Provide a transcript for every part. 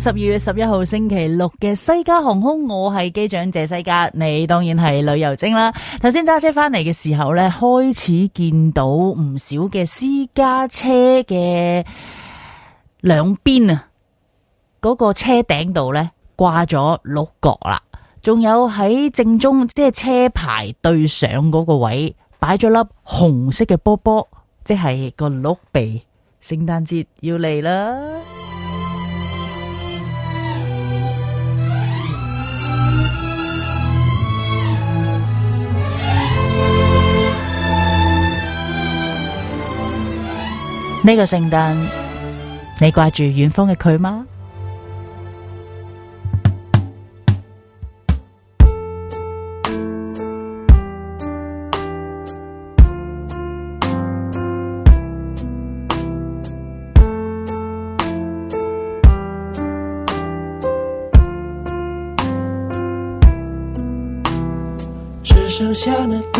十二月十一號星期六嘅西加航空，我係機長謝西加，你當然係旅遊精啦。頭先揸車翻嚟嘅時候呢，開始見到唔少嘅私家車嘅兩邊啊，嗰個車頂度呢掛咗鹿角啦，仲有喺正中即係車牌對上嗰個位擺咗粒紅色嘅波波，即係個鹿鼻，聖誕節要嚟啦。呢、這個聖誕，你掛住遠方嘅佢嗎？只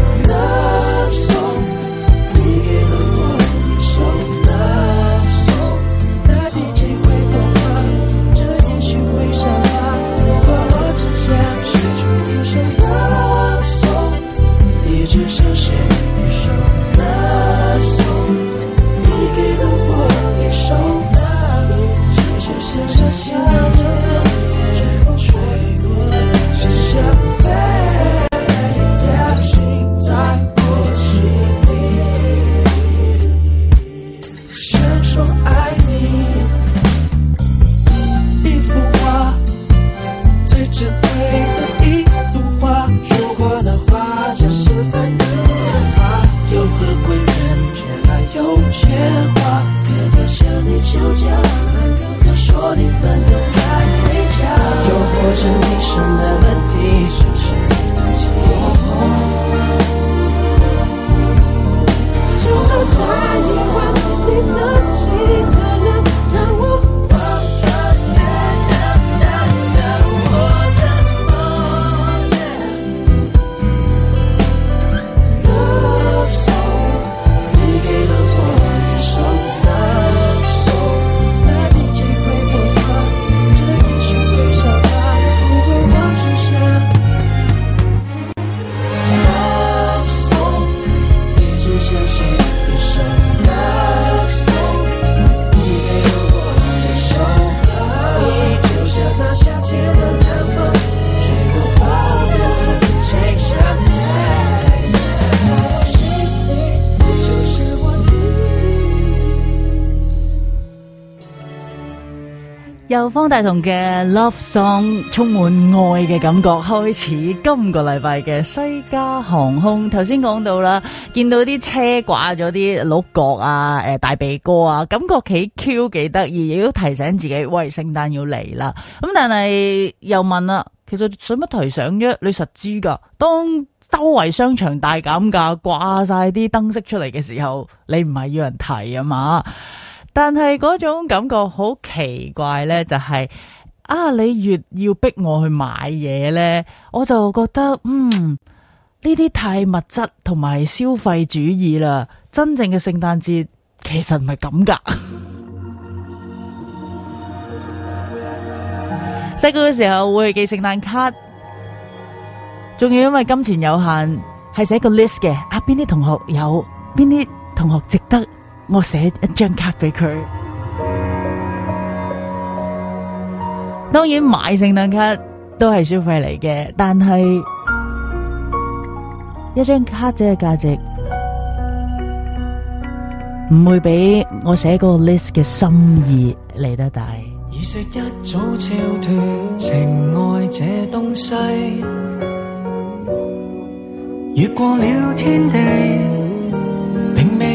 方大同嘅《Love Song》充滿愛嘅感覺，開始今個禮拜嘅西加航空。頭先講到啦，見到啲車掛咗啲鹿角啊、誒、呃、大鼻哥啊，感覺幾 Q 幾得意，亦都提醒自己，喂，聖誕要嚟啦。咁但係又問啦，其實使乜提醒啫？你實知噶，當周圍商場大減價掛晒啲燈飾出嚟嘅時候，你唔係要人提啊嘛？但係嗰種感覺好奇怪呢，就係啊，你越要逼我去買嘢呢，我就覺得嗯，呢啲太物質同埋消費主義啦。真正嘅聖誕節其實唔係咁噶。細個嘅時候會寄聖誕卡，仲要因為金錢有限，係寫個 list 嘅，啊邊啲同學有，邊啲同學值得。我寫一張卡俾佢，當然買聖誕卡都係消費嚟嘅，但係一張卡仔嘅價值唔會比我寫個 list 嘅心意嚟得大。已說一早超脫，情愛這東西，越過了天地。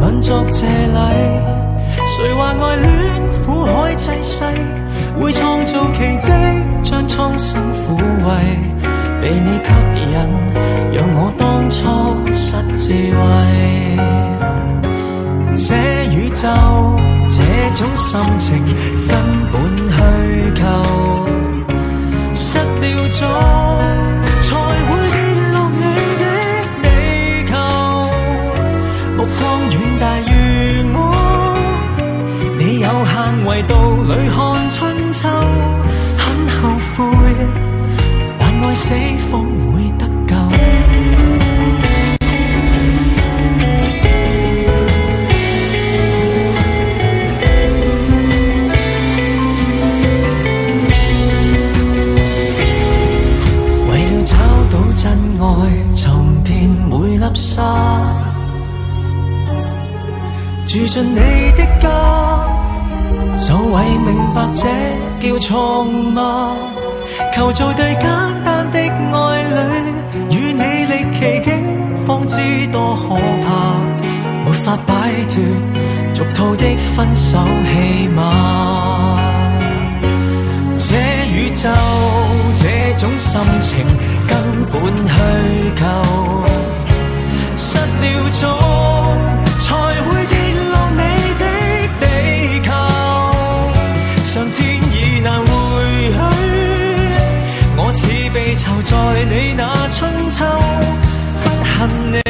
吻作謝禮，誰話愛戀苦海淒細，會創造奇迹將創生撫慰。被你吸引，讓我當初失智慧。這宇宙，這種心情根本虛構，失掉了足才會。當遠大如我，你有限，圍度裏看春秋，很後悔，但愛死方會。住進你的家，就為明白這叫錯誤嗎？求做對簡單的愛侶，與你歷奇境，方知多可怕。沒法擺脫，俗套的分手戲碼。這宇宙，這種心情，根本虛構。失了措。在你那春秋，不恨你。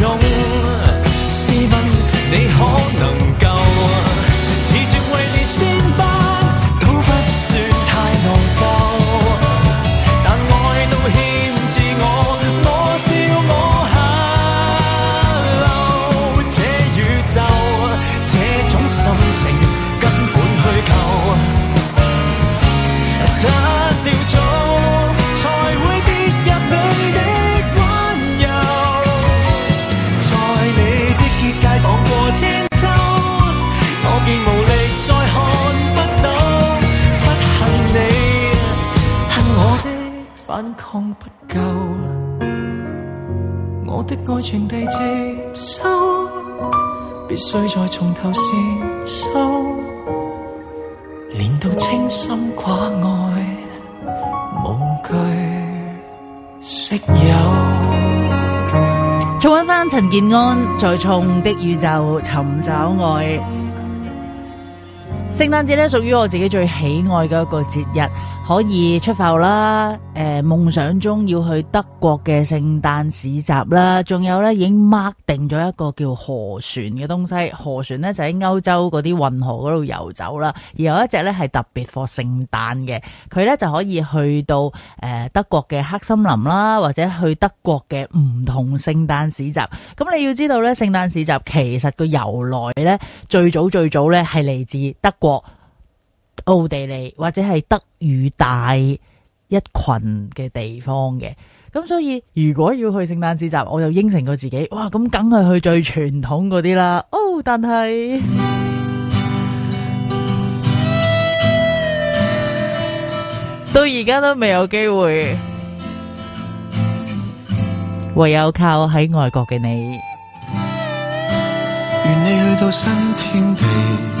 再揾翻陳建安，在重的宇宙尋找愛。聖誕節咧，屬於我自己最喜愛嘅一個節日。可以出埠啦，誒、呃，夢想中要去德國嘅聖誕市集啦，仲有呢已經 mark 定咗一個叫河船嘅東西，河船呢就喺、是、歐洲嗰啲運河嗰度遊走啦，而有一隻呢係特別 for 聖誕嘅，佢呢就可以去到誒、呃、德國嘅黑森林啦，或者去德國嘅唔同聖誕市集。咁你要知道呢聖誕市集其實個由來呢最早最早呢係嚟自德國。奧地利或者係德語帶一群嘅地方嘅，咁所以如果要去聖誕市集，我就應承過自己，哇，咁梗係去最傳統嗰啲啦。哦，但係 到而家都未有機會，唯有靠喺外國嘅你，願你去到新天地。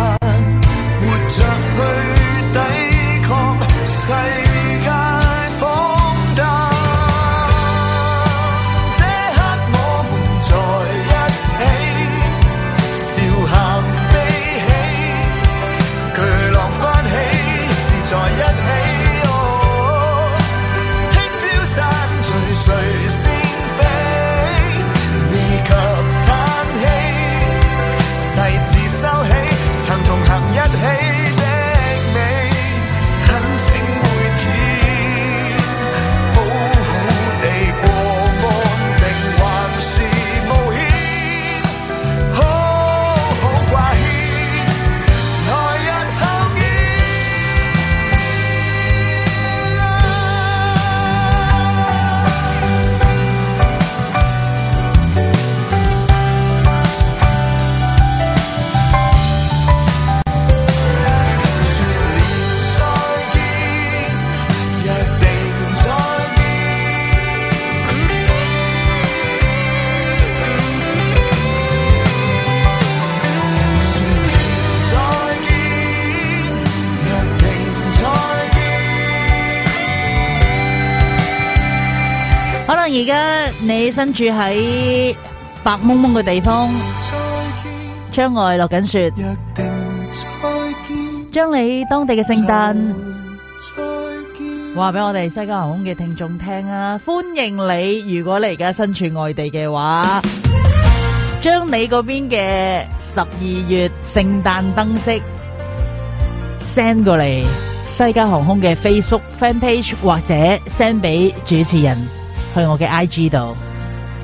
身處喺白蒙蒙嘅地方，窗外落緊雪，將你當地嘅聖誕話俾我哋西加航空嘅聽眾聽啊！歡迎你，如果你而家身處外地嘅話，將你嗰邊嘅十二月聖誕燈飾 send 過嚟西加航空嘅 Facebook fan page 或者 send 俾主持人去我嘅 IG 度。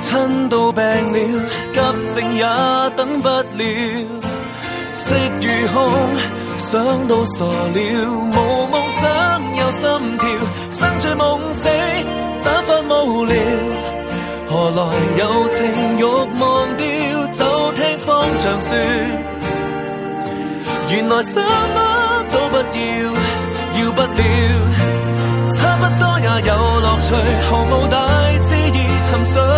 親到病了，急症也等不了，色如空，想到傻了，無夢想有心跳，生醉夢死打發無聊，何來有情欲忘掉？就聽方丈說，原來什麼都不要，要不了，差不多也有樂趣，毫無大志而沉睡。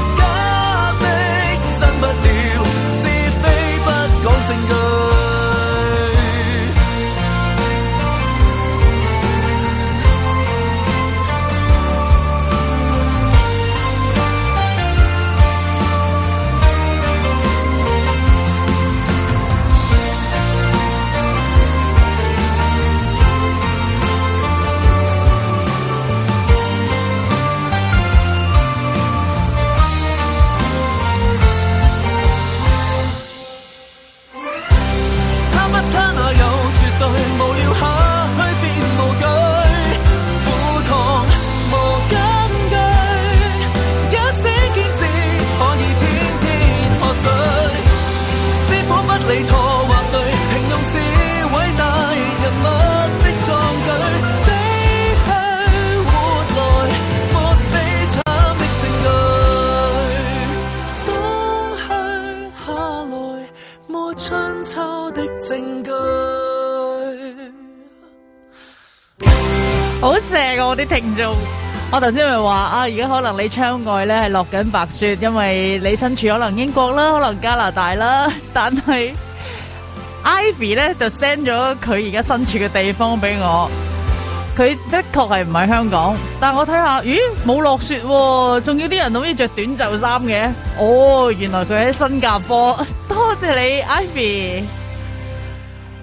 謝我啲聽眾，我頭先咪話啊，而家可能你窗外咧係落緊白雪，因為你身處可能英國啦，可能加拿大啦，但係 Ivy 咧就 send 咗佢而家身處嘅地方俾我，佢的確係唔喺香港，但係我睇下，咦，冇落雪，仲有啲人好似着短袖衫嘅，哦，原來佢喺新加坡，多謝你，Ivy。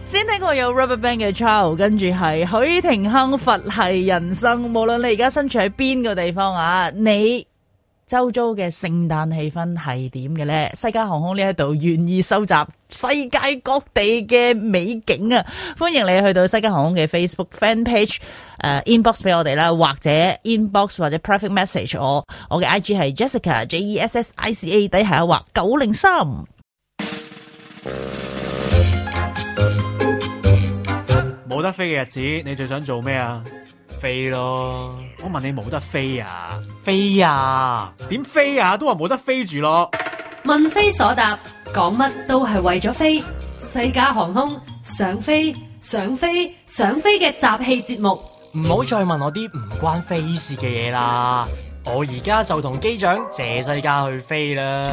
先聽過有 Rubberband 嘅《Child》，跟住係許廷鏗《佛系人生》。無論你而家身處喺邊個地方啊，你周遭嘅聖誕氣氛係點嘅咧？西加航空呢一度願意收集世界各地嘅美景啊！歡迎你去到西加航空嘅 Facebook Fan Page，誒 inbox 俾我哋啦，或者 inbox 或者 private message 我。我嘅 IG 係 Jessica J E S S I C A，底下一畫九零三。冇得飛嘅日子，你最想做咩啊？飛咯！我問你冇得飛啊？飛啊？點飛啊？都話冇得飛住咯。問非所答，講乜都係為咗飛。西加航空想飛，想飛，想飛，想飛嘅集氣節目。嗯，唔好再問我啲唔關飛事嘅嘢啦。我而家就同機長謝西加去飛啦。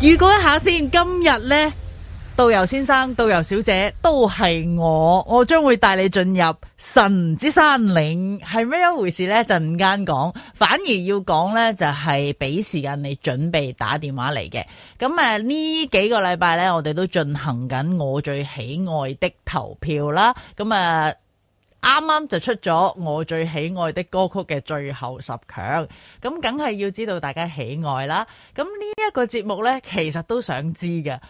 預告一下先，今日咧。導遊先生、導遊小姐都係我，我將會帶你進入神之山嶺，係咩一回事呢？陣間講，反而要講呢，就係俾時間你準備打電話嚟嘅。咁誒，呢、啊、幾個禮拜呢，我哋都進行緊我最喜愛的投票啦。咁誒，啱、啊、啱就出咗我最喜愛的歌曲嘅最後十強。咁梗係要知道大家喜愛啦。咁呢一個節目呢，其實都想知嘅。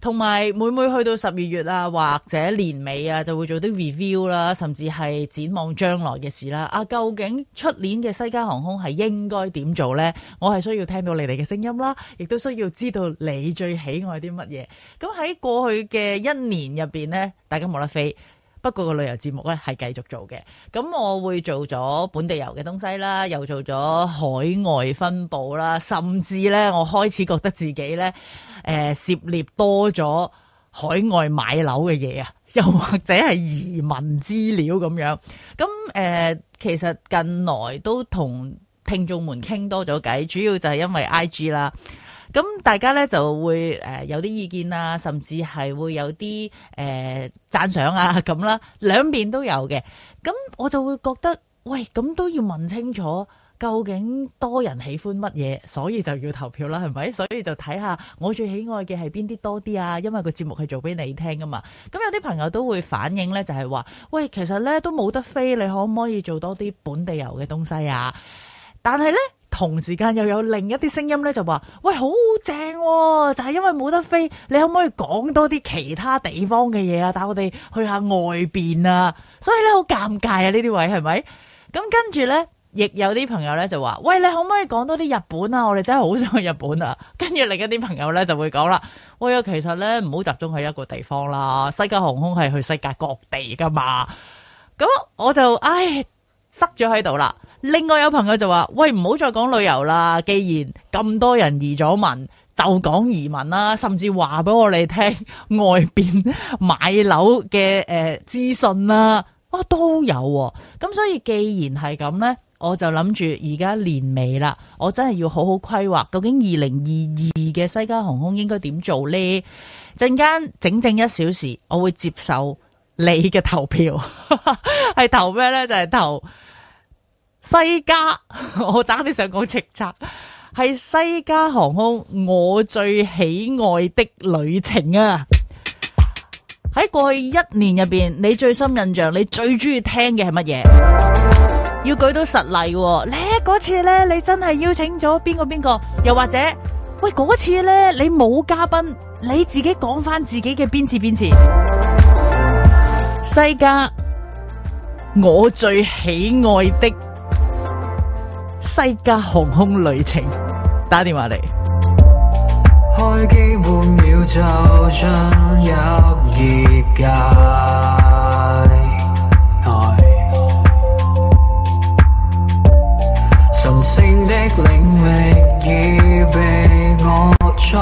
同埋每每去到十二月啊，或者年尾啊，就會做啲 review 啦，甚至係展望將來嘅事啦。啊，究竟出年嘅西加航空係應該點做咧？我係需要聽到你哋嘅聲音啦，亦都需要知道你最喜愛啲乜嘢。咁喺過去嘅一年入邊咧，大家冇得飛。不過個旅遊節目呢係繼續做嘅，咁我會做咗本地遊嘅東西啦，又做咗海外分佈啦，甚至呢，我開始覺得自己呢誒、呃、涉獵多咗海外買樓嘅嘢啊，又或者係移民資料咁樣。咁誒、呃，其實近來都同聽眾們傾多咗偈，主要就係因為 IG 啦。咁大家咧就會誒、呃、有啲意見啊，甚至係會有啲誒、呃、讚賞啊咁啦，兩邊都有嘅。咁我就會覺得，喂，咁都要問清楚，究竟多人喜歡乜嘢，所以就要投票啦，係咪？所以就睇下我最喜愛嘅係邊啲多啲啊，因為個節目係做俾你聽㗎嘛。咁有啲朋友都會反映咧，就係、是、話，喂，其實咧都冇得飛，你可唔可以做多啲本地遊嘅東西啊？但係咧，同時間又有另一啲聲音咧，就話：喂，好正哦！就係因為冇得飛，你可唔可以講多啲其他地方嘅嘢啊？帶我哋去下外邊啊！所以咧，好尷尬啊！呢啲位係咪？咁跟住咧，亦有啲朋友咧就話：喂，你可唔可以講多啲日本啊？我哋真係好想去日本啊！跟住另一啲朋友咧就會講啦：喂，其實咧唔好集中喺一個地方啦，世界航空係去世界各地噶嘛。咁我就唉塞咗喺度啦。另外有朋友就話：喂，唔好再講旅遊啦，既然咁多人移咗民，就講移民啦。甚至話俾我哋聽外邊買樓嘅誒資訊啦，哇、呃啊、都有、啊。咁所以既然係咁呢，我就諗住而家年尾啦，我真係要好好規劃，究竟二零二二嘅西加航空應該點做呢。陣間整整一小時，我會接受你嘅投票，係 投咩呢？就係、是、投。西加，我真係想講叱咤，係西加航空，我最喜愛的旅程啊！喺過去一年入邊，你最深印象，你最中意聽嘅係乜嘢？要舉到實例，咧嗰次咧，你真係邀請咗邊個邊個，又或者喂嗰次咧，你冇嘉賓，你自己講翻自己嘅邊次邊次。西加，我最喜愛的。西加航空旅程，打電話嚟。開機半秒就進入業界內，神聖的領域已被我再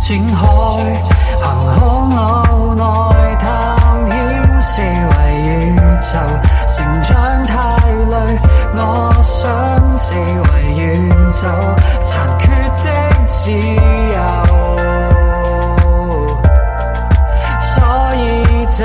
展開，憑空腦內探險，視為宇宙成長我想四圍遠走，殘缺的自由，所以就。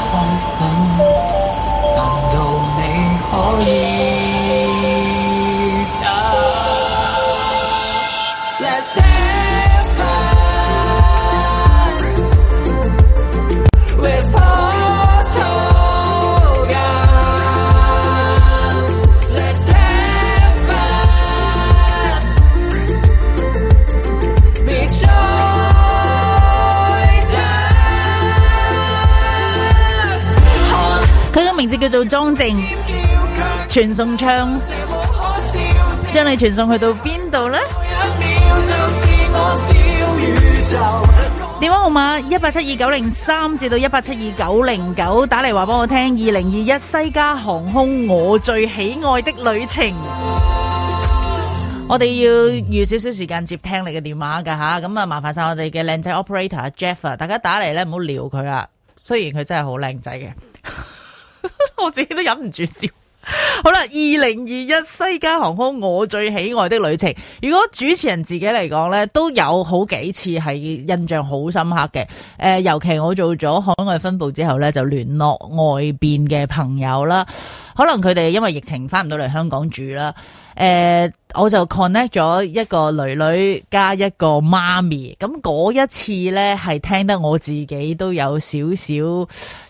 做裝正，傳送槍，將你傳送去到邊度呢？電話號碼一八七二九零三至到一八七二九零九， 打嚟話俾我聽二零二一西加航空我最喜愛的旅程。 我哋要預少少時間接聽你嘅電話噶吓，咁啊麻煩晒我哋嘅靚仔 operator Jeff 啊，大家打嚟呢唔好撩佢啊，雖然佢真係好靚仔嘅。我自己都忍唔住笑。 好啦，二零二一西加航空，我最喜愛的旅程。如果主持人自己嚟講呢，都有好幾次係印象好深刻嘅。誒、呃，尤其我做咗海外分部之後呢，就聯絡外邊嘅朋友啦。可能佢哋因為疫情翻唔到嚟香港住啦。誒、呃，我就 connect 咗一個囡囡加一個媽咪，咁嗰一次呢，係聽得我自己都有少少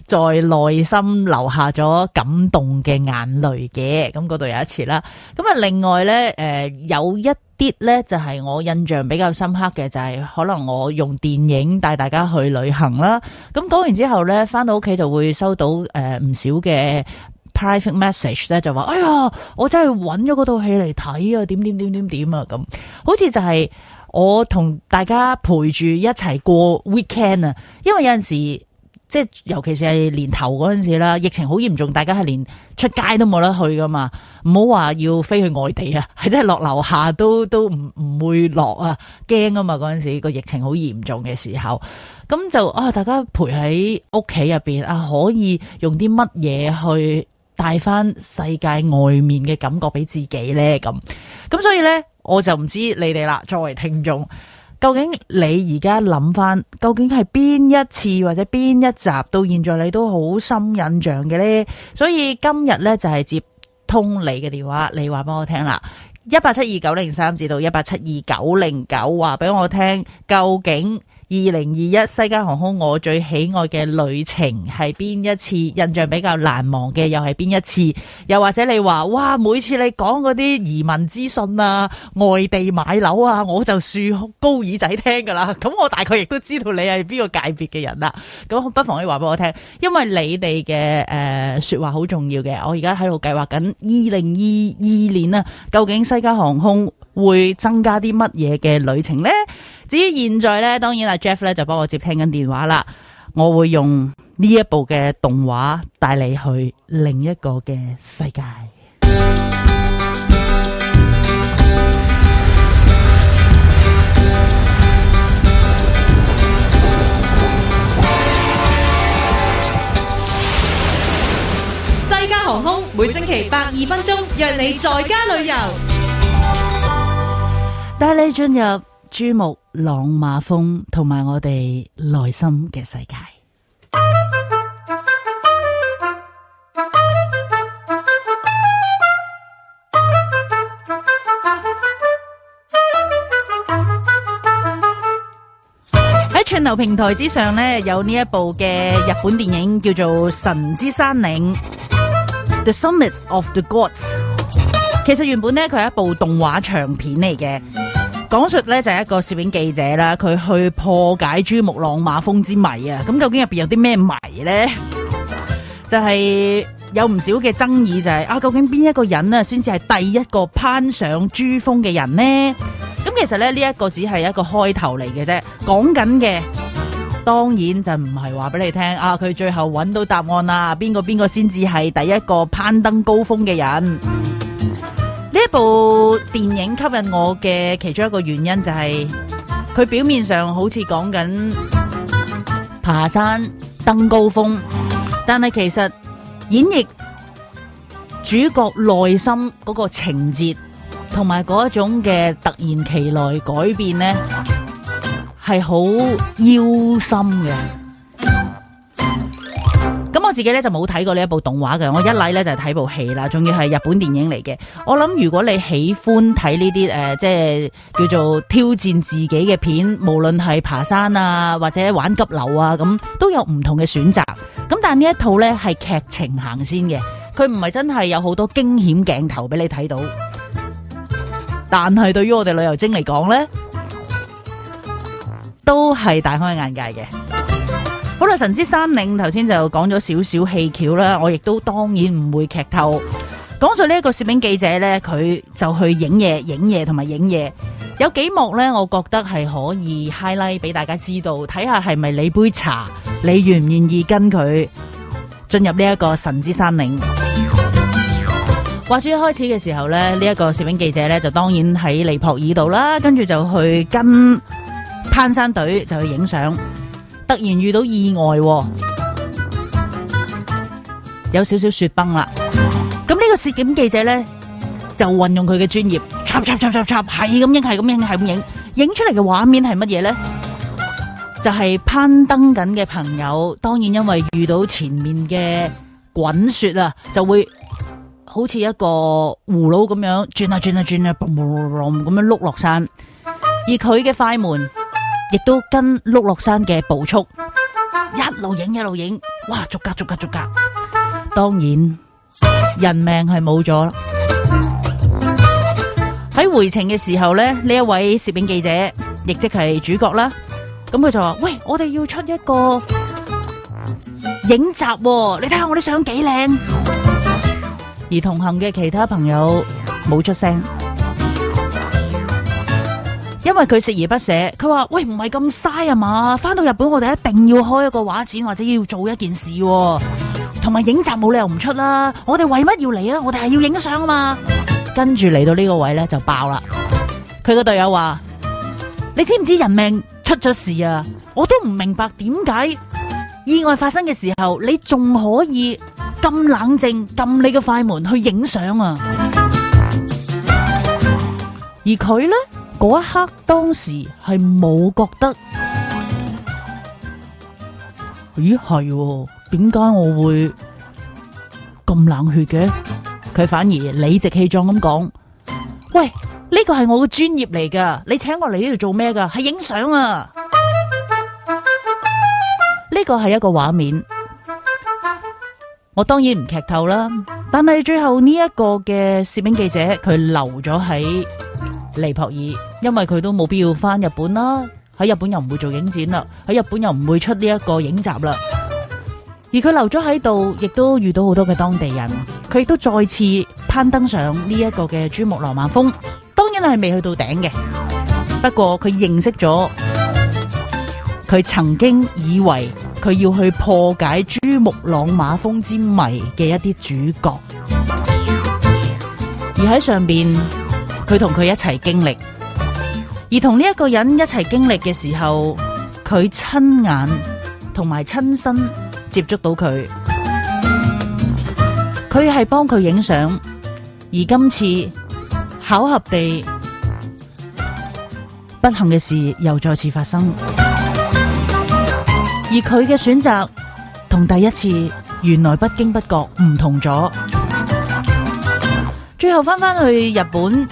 在內心留下咗感動嘅眼淚嘅，咁嗰度有一次啦。咁啊，另外呢，誒、呃、有一啲呢，就係、是、我印象比較深刻嘅，就係、是、可能我用電影帶大家去旅行啦。咁講完之後呢，翻到屋企就會收到誒唔、呃、少嘅。private message 咧就話：哎呀，我真係揾咗嗰套戲嚟睇啊！點點點點點啊咁，好似就係我同大家陪住一齊過 weekend 啊！因為有陣時即係尤其是係年頭嗰陣時啦，疫情好嚴重，大家係連出街都冇得去㗎嘛。唔好話要飛去外地啊，係真係落樓下都都唔唔會落啊，驚啊嘛！嗰陣時個疫情好嚴重嘅時候，咁就啊大家陪喺屋企入面，啊，可以用啲乜嘢去？帶翻世界外面嘅感覺俾自己呢。咁咁所以呢，我就唔知你哋啦。作為聽眾，究竟你而家諗翻，究竟係邊一次或者邊一集，到現在你都好深印象嘅呢？所以今日呢，就係接通你嘅電話，你話俾我聽啦，一八七二九零三至到一八七二九零九，話俾我聽究竟。二零二一，西加航空我最喜愛嘅旅程係邊一次？印象比較難忘嘅又係邊一次？又或者你話哇，每次你講嗰啲移民資訊啊、外地買樓啊，我就豎高耳仔聽噶啦。咁我大概亦都知道你係邊個界別嘅人啦。咁不妨可以話俾我聽，因為你哋嘅誒說話好重要嘅。我而家喺度計劃緊二零二二年啊，究竟西加航空會增加啲乜嘢嘅旅程呢？至於現在咧，當然啦，Jeff 咧就幫我接聽緊電話啦。我會用呢一部嘅動畫帶你去另一個嘅世界。西加航空每星期百二分鐘，約你在家旅遊，帶你進入。珠穆朗瑪峰同埋我哋內心嘅世界。喺串流平台之上呢，有呢一部嘅日本電影叫做《神之山嶺》（The Summit of the Gods）。其實原本呢，佢係一部動畫長片嚟嘅。講述咧，就係一個攝影記者啦，佢去破解珠穆朗瑪峰之謎啊！咁究竟入邊有啲咩謎呢？就係有唔少嘅爭議就係啊，究竟邊一個人啊先至係第一個攀上珠峰嘅人呢？咁其實咧，呢一個只係一個開頭嚟嘅啫，講緊嘅當然就唔係話俾你聽啊，佢最後揾到答案啦，邊個邊個先至係第一個攀登高峰嘅人。呢一部電影吸引我嘅其中一個原因就係、是，佢表面上好似講緊爬山登高峰，但係其實演繹主角內心嗰個情節同埋嗰一種嘅突然其來改變呢係好腰心嘅。我自己咧就冇睇過呢一部動畫嘅，我一嚟、like、咧就係睇部戲啦，仲要係日本電影嚟嘅。我諗如果你喜歡睇呢啲誒，即係叫做挑戰自己嘅片，無論係爬山啊或者玩急流啊咁，都有唔同嘅選擇。咁但係呢一套呢係劇情行先嘅，佢唔係真係有好多驚險鏡頭俾你睇到。但係對於我哋旅遊精嚟講呢，都係大開眼界嘅。好啦，神之山嶺頭先就講咗少少戲橋啦，我亦都當然唔會劇透。講到呢一個攝影記者呢，佢就去影嘢、影嘢同埋影嘢。有幾幕呢，我覺得係可以 highlight 俾大家知道，睇下係咪你杯茶，你願唔願意跟佢進入呢一個神之山嶺？話說一開始嘅時候呢，呢、這、一個攝影記者呢，就當然喺尼泊爾度啦，跟住就去跟攀山隊就去影相。突然遇到意外，哦，有少少雪崩啦。咁呢個攝影記者咧，就運用佢嘅專業，插插插插插，係咁影，係咁影，係咁影，影出嚟嘅畫面係乜嘢咧？就係、是、攀登緊嘅朋友，當然因為遇到前面嘅滾雪啊，就會好似一個葫蘆咁樣轉啊轉啊轉啊，boom boom boom 咁樣碌落山。而佢嘅快門。亦都跟碌落山嘅步速，一路影一路影，哇！逐格逐格逐格，當然人命係冇咗啦。喺回程嘅時候咧，呢一位攝影記者亦即係主角啦，咁佢就話：「喂，我哋要出一個影集，你睇下我啲相幾靚。」而同行嘅其他朋友冇出聲。因為佢食而不捨，佢話喂唔係咁嘥啊嘛！翻到日本我哋一定要開一個畫展或者要做一件事、哦，同埋影集冇理由唔出啦。我哋為乜要嚟啊？我哋係要影相啊嘛！跟住嚟到呢個位咧就爆啦。佢個隊友話：你知唔知人命出咗事啊？我都唔明白點解意外發生嘅時候，你仲可以咁冷靜撳你嘅快門去影相啊？而佢咧？嗰一刻，當時係冇覺得，咦係？點解我會咁冷血嘅？佢反而理直氣壯咁講：喂，呢個係我嘅專業嚟噶，你請我嚟呢度做咩噶？係影相啊！呢個係一個畫面，我當然唔劇透啦。但係最後呢一個嘅攝影記者，佢留咗喺。尼泊爾，因為佢都冇必要翻日本啦，喺日本又唔會做影展啦，喺日本又唔會出呢一個影集啦。而佢留咗喺度，亦都遇到好多嘅當地人，佢亦都再次攀登上呢一個嘅珠穆朗瑪峰，當然係未去到頂嘅。不過佢認識咗，佢曾經以為佢要去破解珠穆朗瑪峰之謎嘅一啲主角，而喺上邊。佢同佢一齊經歷，而同呢一個人一齊經歷嘅時候，佢親眼同埋親身接觸到佢，佢係幫佢影相。而今次巧合地不幸嘅事又再次發生，而佢嘅選擇同第一次原來不經不覺唔同咗。最後翻返去日本。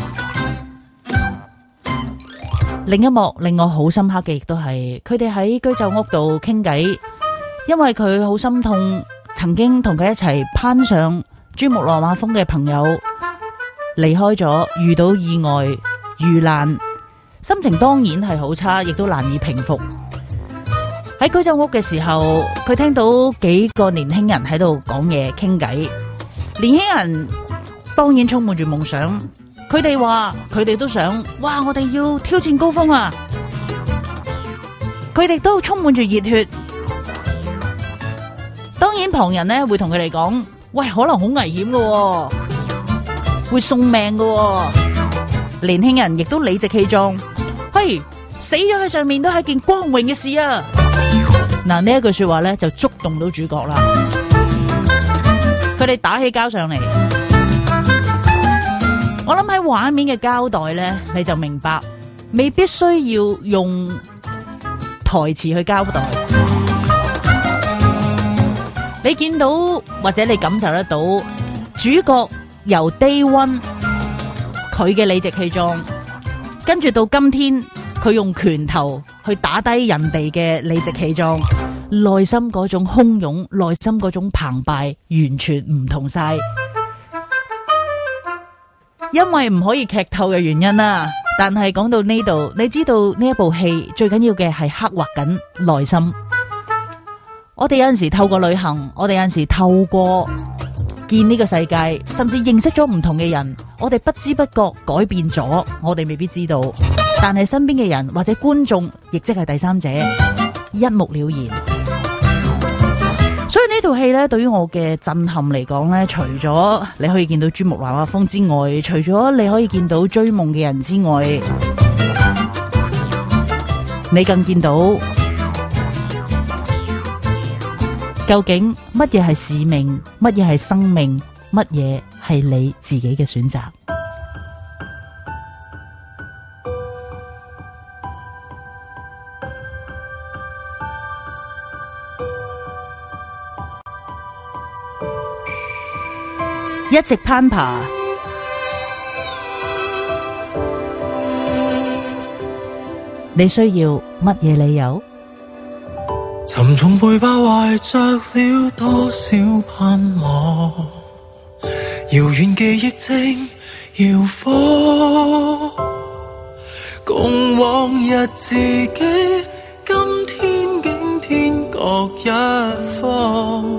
另一幕令我好深刻嘅，亦都係佢哋喺居酒屋度傾偈，因為佢好心痛，曾經同佢一齊攀上珠穆朗瑪峰嘅朋友離開咗，遇到意外遇難，心情當然係好差，亦都難以平復。喺居酒屋嘅時候，佢聽到幾個年輕人喺度講嘢傾偈，年輕人當然充滿住夢想。佢哋話：佢哋都想，哇！我哋要挑戰高峰啊！佢哋都充滿住熱血。當然，旁人咧會同佢哋講：，喂，可能好危險嘅、哦，會送命嘅、哦。年輕人亦都理直氣壯，嘿，死咗喺上面都係件光榮嘅事啊！嗱，呢 一樂句說話咧就觸動到主角啦，佢哋打起交上嚟。我諗喺畫面嘅交代呢，你就明白，未必需要用台詞去交代。你見到或者你感受得到，主角由 Day One，佢嘅理直氣壯，跟住到今天，佢用拳頭去打低人哋嘅理直氣壯，內心嗰種洶湧，內心嗰種澎湃，完全唔同晒。因為唔可以劇透嘅原因啦，但係講到呢度，你知道呢一部戲最緊要嘅係刻畫緊內心。我哋有陣時透過旅行，我哋有陣時透過見呢個世界，甚至認識咗唔同嘅人，我哋不知不覺改變咗，我哋未必知道，但係身邊嘅人或者觀眾，亦即係第三者，一目了然。呢套戲咧，對於我嘅震撼嚟講咧，除咗你可以見到珠穆朗瑪峰之外，除咗你可以見到追夢嘅人之外，你更見到究竟乜嘢係使命，乜嘢係生命，乜嘢係你自己嘅選擇。一直攀爬，你需要乜嘢理由？沉重背包，懷着了多少盼望？遙遠記憶正搖晃，共往日自己，今天竟天各一方。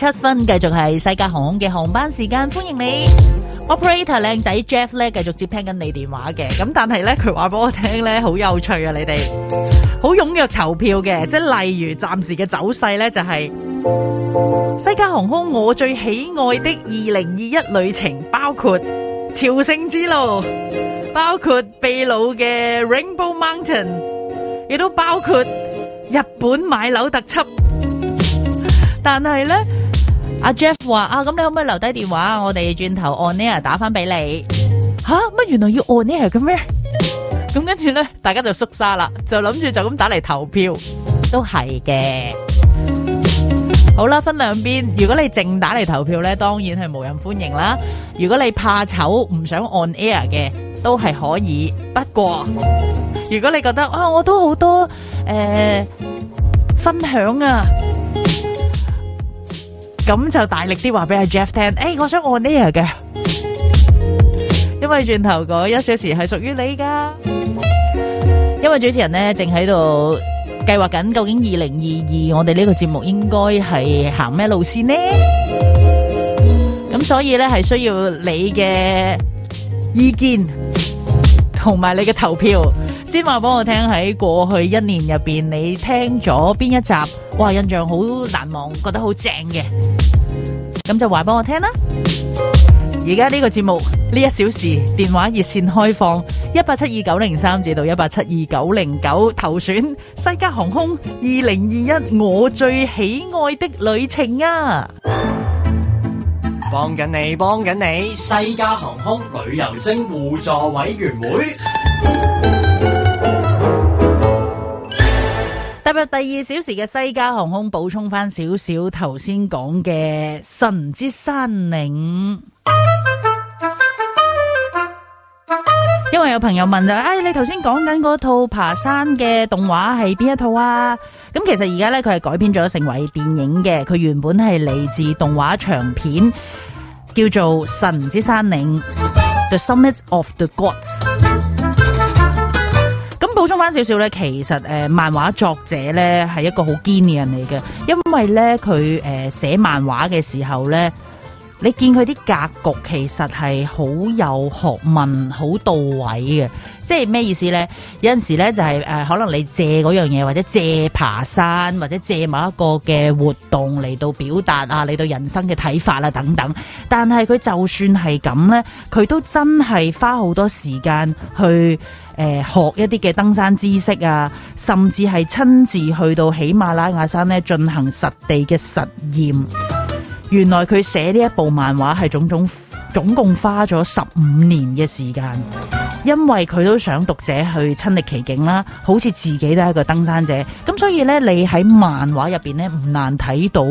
七分繼續係世界航空嘅航班時間，歡迎你。Operator 靚仔 Jeff 咧，繼續接聽緊你電話嘅，咁但係咧佢話俾我聽咧好有趣啊！你哋好踴躍投票嘅，即係例如暫時嘅走勢咧就係世界航空，我最喜愛的二零二一旅程包括朝聖之路，包括秘魯嘅 Rainbow Mountain，亦都包括日本買樓特輯，但係咧。阿 Jeff 話啊，咁你可唔可以留低電話？我哋轉頭 on air 打翻俾你。吓、啊、乜？原來要 on air 嘅咩？咁跟住咧，大家就縮沙啦，就諗住就咁打嚟投票，都係嘅。好啦，分兩邊。如果你淨打嚟投票咧，當然係無人歡迎啦。如果你怕醜唔想 on air 嘅，都係可以。不過如果你覺得啊，我都好多誒、呃、分享啊。咁就大力啲話俾阿 Jeff 聽，誒，我想按呢 a 嘅，因為轉頭嗰一小時係屬於你噶，因為主持人呢正喺度計劃緊，究竟二零二二我哋呢個節目應該係行咩路線呢？咁所以呢，係需要你嘅意見，同埋你嘅投票，先話幫我聽喺過去一年入邊你聽咗邊一集。哇！印象好難忘，覺得好正嘅，咁就話俾我聽啦。而家呢個節目呢，一小時電話熱線開放一八七二九零三至到一八七二九零九，投選西加航空二零二一我最喜愛的旅程啊！幫緊你，幫緊你，西加航空旅遊星互助委員會。踏入第二小時嘅西加航空，補充翻少少頭先講嘅《神之山嶺》。因為有朋友問就話，誒、哎，你頭先講緊嗰套爬山嘅動畫係邊一套啊？咁其實而家呢，佢係改編咗成為電影嘅，佢原本係嚟自動畫長片，叫做《神之山嶺》。The Summit of the Gods。補充返少少咧，其實誒，漫畫作者咧係一個好堅嘅人嚟嘅，因為咧佢誒寫漫畫嘅時候咧，你見佢啲格局其實係好有學問、好到位嘅。即係咩意思呢？有陣時呢就係、是、誒、呃，可能你借嗰樣嘢，或者借爬山，或者借某一個嘅活動嚟到表達啊，你對人生嘅睇法啊等等。但係佢就算係咁呢，佢都真係花好多時間去誒、呃、學一啲嘅登山知識啊，甚至係親自去到喜馬拉雅山咧進行實地嘅實驗。原來佢寫呢一部漫畫係總總總共花咗十五年嘅時間。因為佢都想讀者去親歷其境啦，好似自己都係一個登山者咁，所以呢，你喺漫畫入邊呢，唔難睇到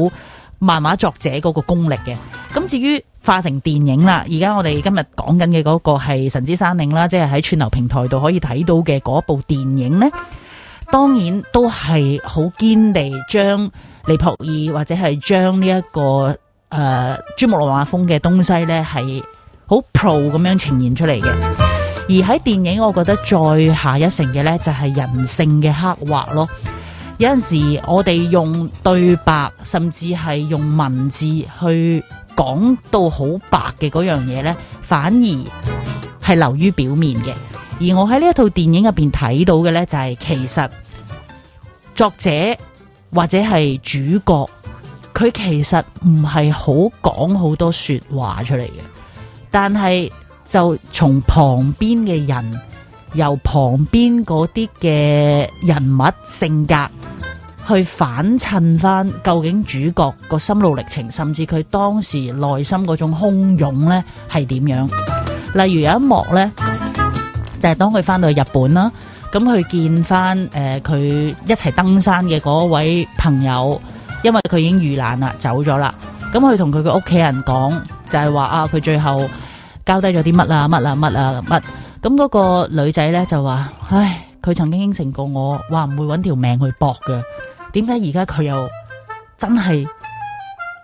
漫畫作者嗰個功力嘅。咁至於化成電影啦，而家我哋今日講緊嘅嗰個係《神之山嶺》啦，即係喺串流平台度可以睇到嘅嗰部電影呢，當然都係好堅地將尼泊爾或者係將呢一個誒、呃、珠穆朗馬峰嘅東西呢，係好 pro 咁樣呈現出嚟嘅。而喺電影，我覺得再下一城嘅呢，就係人性嘅刻畫咯。有陣時我哋用對白，甚至係用文字去講到好白嘅嗰樣嘢呢，反而係流於表面嘅。而我喺呢一套電影入邊睇到嘅呢，就是，就係其實作者或者係主角，佢其實唔係好講好多說話出嚟嘅，但係。就從旁邊嘅人，由旁邊嗰啲嘅人物性格去反襯翻，究竟主角個心路歷程，甚至佢當時內心嗰種洶湧呢係點樣？例如有一幕呢，就係當佢翻到去日本啦，咁去見翻誒佢一齊登山嘅嗰位朋友，因為佢已經遇難啦，走咗啦，咁佢同佢嘅屋企人講，就係話啊，佢最後。交低咗啲乜啊乜啊乜啊乜？咁嗰個女仔咧就話，唉，佢曾經應承過我，話唔會揾條命去搏嘅。點解而家佢又真係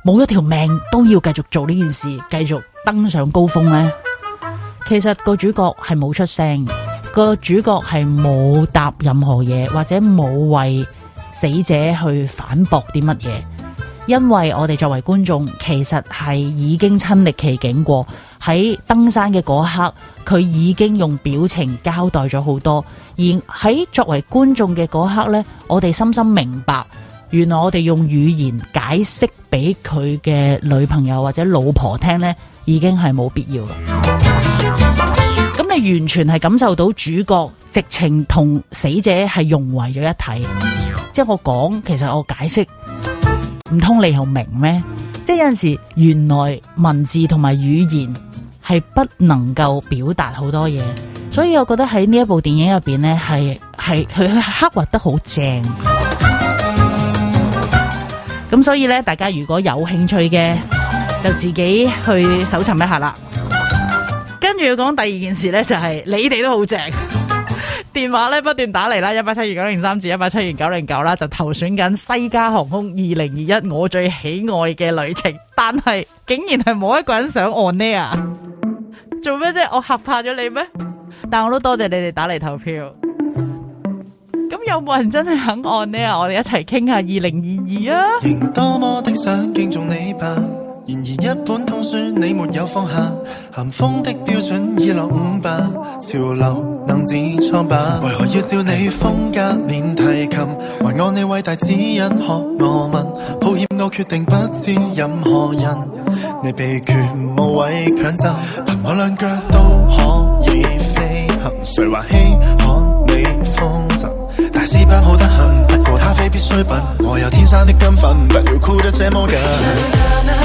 冇一條命都要繼續做呢件事，繼續登上高峰咧？其實個主角係冇出聲，個主角係冇答任何嘢，或者冇為死者去反駁啲乜嘢。因為我哋作為觀眾，其實係已經親歷其境過。喺登山嘅嗰刻，佢已經用表情交代咗好多。而喺作為觀眾嘅嗰刻呢，我哋深深明白，原來我哋用語言解釋俾佢嘅女朋友或者老婆聽呢，已經係冇必要啦。咁 你完全係感受到主角直情同死者係融為咗一體。即係我講，其實我解釋。唔通你又明咩？即係有陣時，原來文字同埋語言係不能夠表達好多嘢，所以我覺得喺呢一部電影入邊咧，係係佢刻畫得好正。咁 所以咧，大家如果有興趣嘅，就自己去搜尋一下啦。跟住要講第二件事咧，就係、是、你哋都好正。電話咧，不斷打嚟啦，一八七二九零三至一八七二九零九啦，就投選緊西加航空二零二一我最喜愛嘅旅程，但係竟然係冇一個人想按呢啊！做咩啫？我吓怕咗你咩？但我都多謝你哋打嚟投票。咁有冇人真係肯按呢啊？我哋一齊傾下二零二二啊！然而一本通書你沒有放下，咸豐的標準二六五八，潮流能自創吧？為何要照你風格練提琴？還我你偉大指引學我問，抱歉我決定不知任何人，你被權無謂強執，憑我兩腳都可以飛行，誰還稀罕你風神？大師班好得很，不過他非必需品，我有天生的根分，不要箍得這麼緊。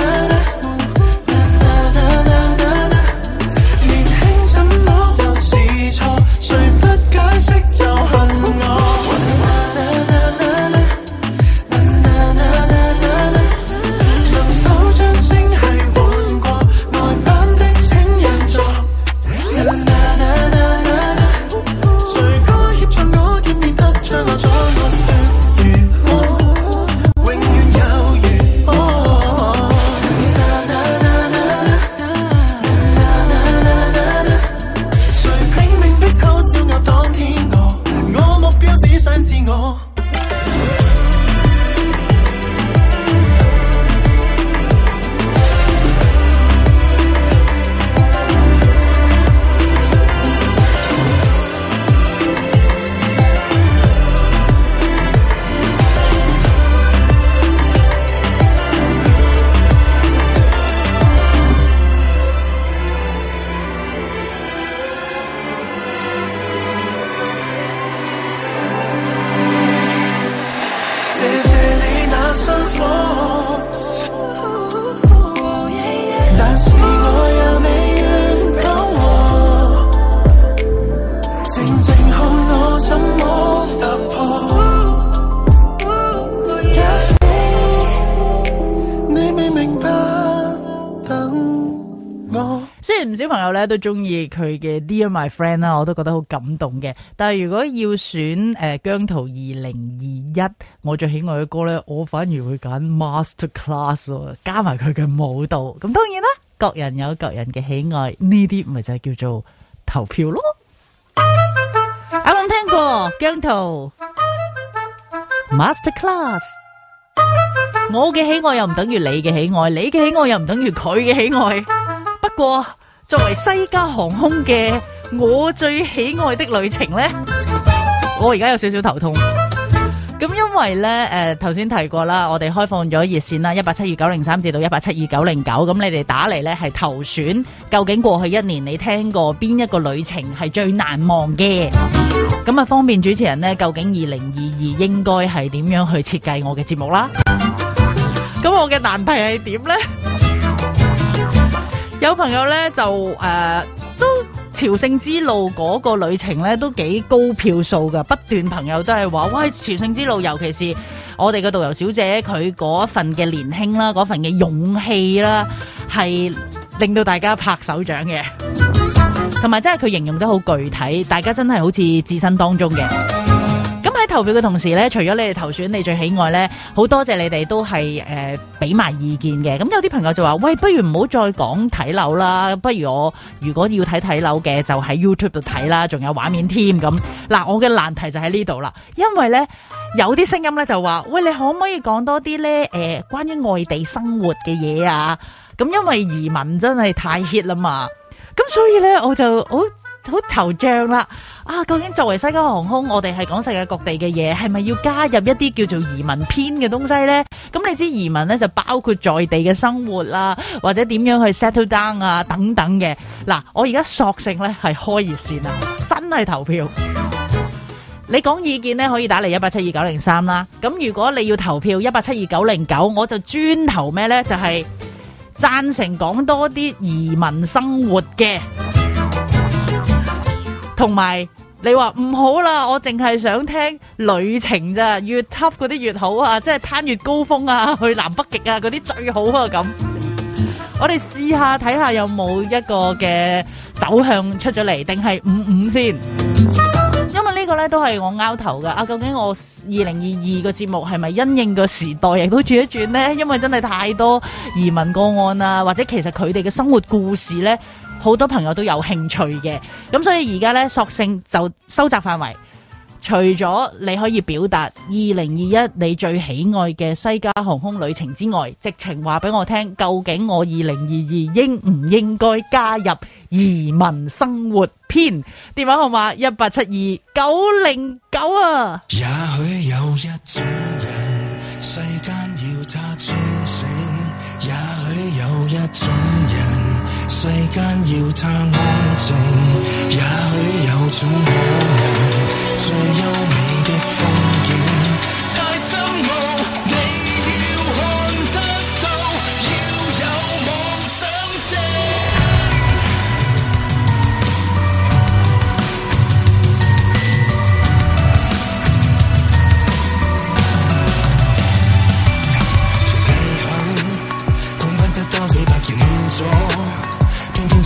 大家都中意佢嘅 Dear My Friend 啦，我都覺得好感動嘅。但係如果要選誒、呃《姜濤二零二一》，我最喜愛嘅歌呢，我反而會揀 Master Class，加埋佢嘅舞蹈。咁當然啦，各人有各人嘅喜愛，呢啲咪就係叫做投票咯。有冇聽過姜濤 Master Class？我嘅喜愛又唔等於你嘅喜愛，你嘅喜愛又唔等於佢嘅喜愛。不過，作為西加航空嘅我最喜愛的旅程呢，我而家有少少頭痛。咁因為呢，誒，頭先提過啦，我哋開放咗熱線啦，一八七二九零三至到一八七二九零九，咁你哋打嚟，呢係投選，究竟過去一年你聽過邊一個旅程係最難忘嘅？咁啊，方便主持人呢，究竟二零二二應該係點樣去設計我嘅節目啦？咁我嘅難題係點呢？有朋友呢，就誒、呃、都朝聖之路嗰個旅程呢，都幾高票數噶，不斷朋友都係話，喂，朝聖之路，尤其是我哋嘅導遊小姐，佢嗰份嘅年輕啦，嗰份嘅勇氣啦，係令到大家拍手掌嘅，同埋真係佢形容得好具體，大家真係好似置身當中嘅。投票嘅同時咧，除咗你哋投選你最喜愛咧，好多謝你哋都係誒俾埋意見嘅。咁、嗯、有啲朋友就話：喂，不如唔好再講睇樓啦，不如我如果要睇睇樓嘅，就喺 YouTube 度睇啦，仲有畫面添。咁嗱，我嘅難題就喺呢度啦，因為咧有啲聲音咧就話：喂，你可唔可以講多啲咧？誒、呃，關於外地生活嘅嘢啊，咁、嗯、因為移民真係太 hit 啦嘛，咁、嗯、所以咧我就我。好惆悵啦！啊，究竟作為西加航空，我哋係講世界各地嘅嘢，係咪要加入一啲叫做移民篇嘅東西呢？咁你知移民呢，就包括在地嘅生活啦，或者點樣去 settle down 啊等等嘅。嗱、啊，我而家索性呢係開熱線啊，真係投票。你講意見呢，可以打嚟一八七二九零三啦。咁如果你要投票一八七二九零九，我就專投咩呢？就係、是、贊成講多啲移民生活嘅。同埋，你話唔好啦，我淨係想聽旅程咋，越 tough 嗰啲越好啊，即係攀越高峰啊，去南北極啊嗰啲最好啊咁。我哋試下睇下有冇一個嘅走向出咗嚟，定係五五先。 因為呢個呢都係我拗頭㗎。啊，究竟我二零二二個節目係咪因應個時代亦都轉一轉呢？因為真係太多移民個案啊，或者其實佢哋嘅生活故事呢。好多朋友都有興趣嘅，咁所以而家呢，索性就收窄範圍，除咗你可以表達二零二一你最喜愛嘅西加航空旅程之外，直情話俾我聽，究竟我二零二二應唔應該加入移民生活篇？電話號碼一八七二九零九啊！也許有一種人，世間要他清醒；也許有一種人。世間要他安靜，也許有種可能，最優美。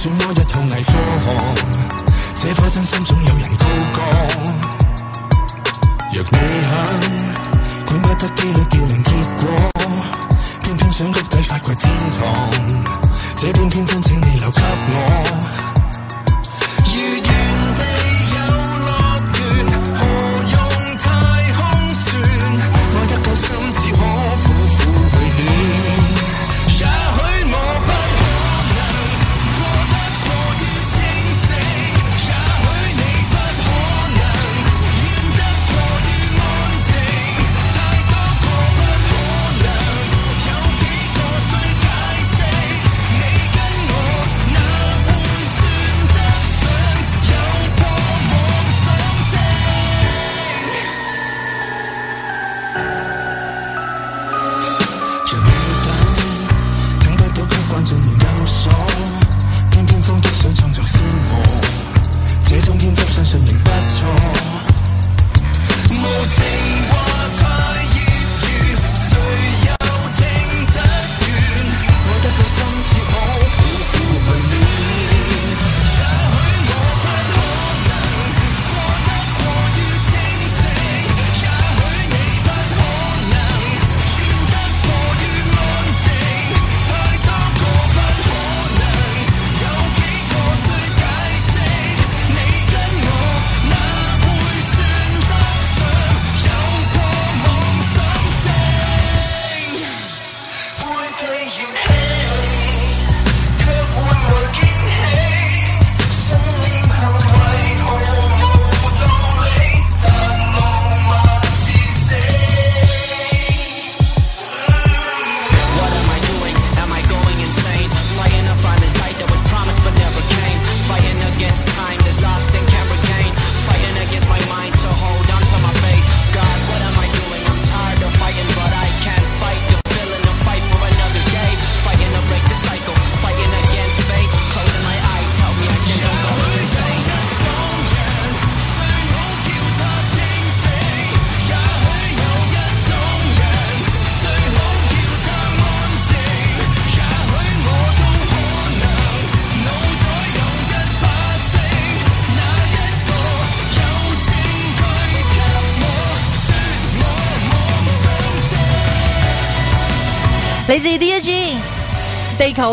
怎麼一觸危荒？這顆真心總有人高歌。若你肯，管不得機率叫明結果，偏偏想谷底發掘天堂。這片天真，請你留給我。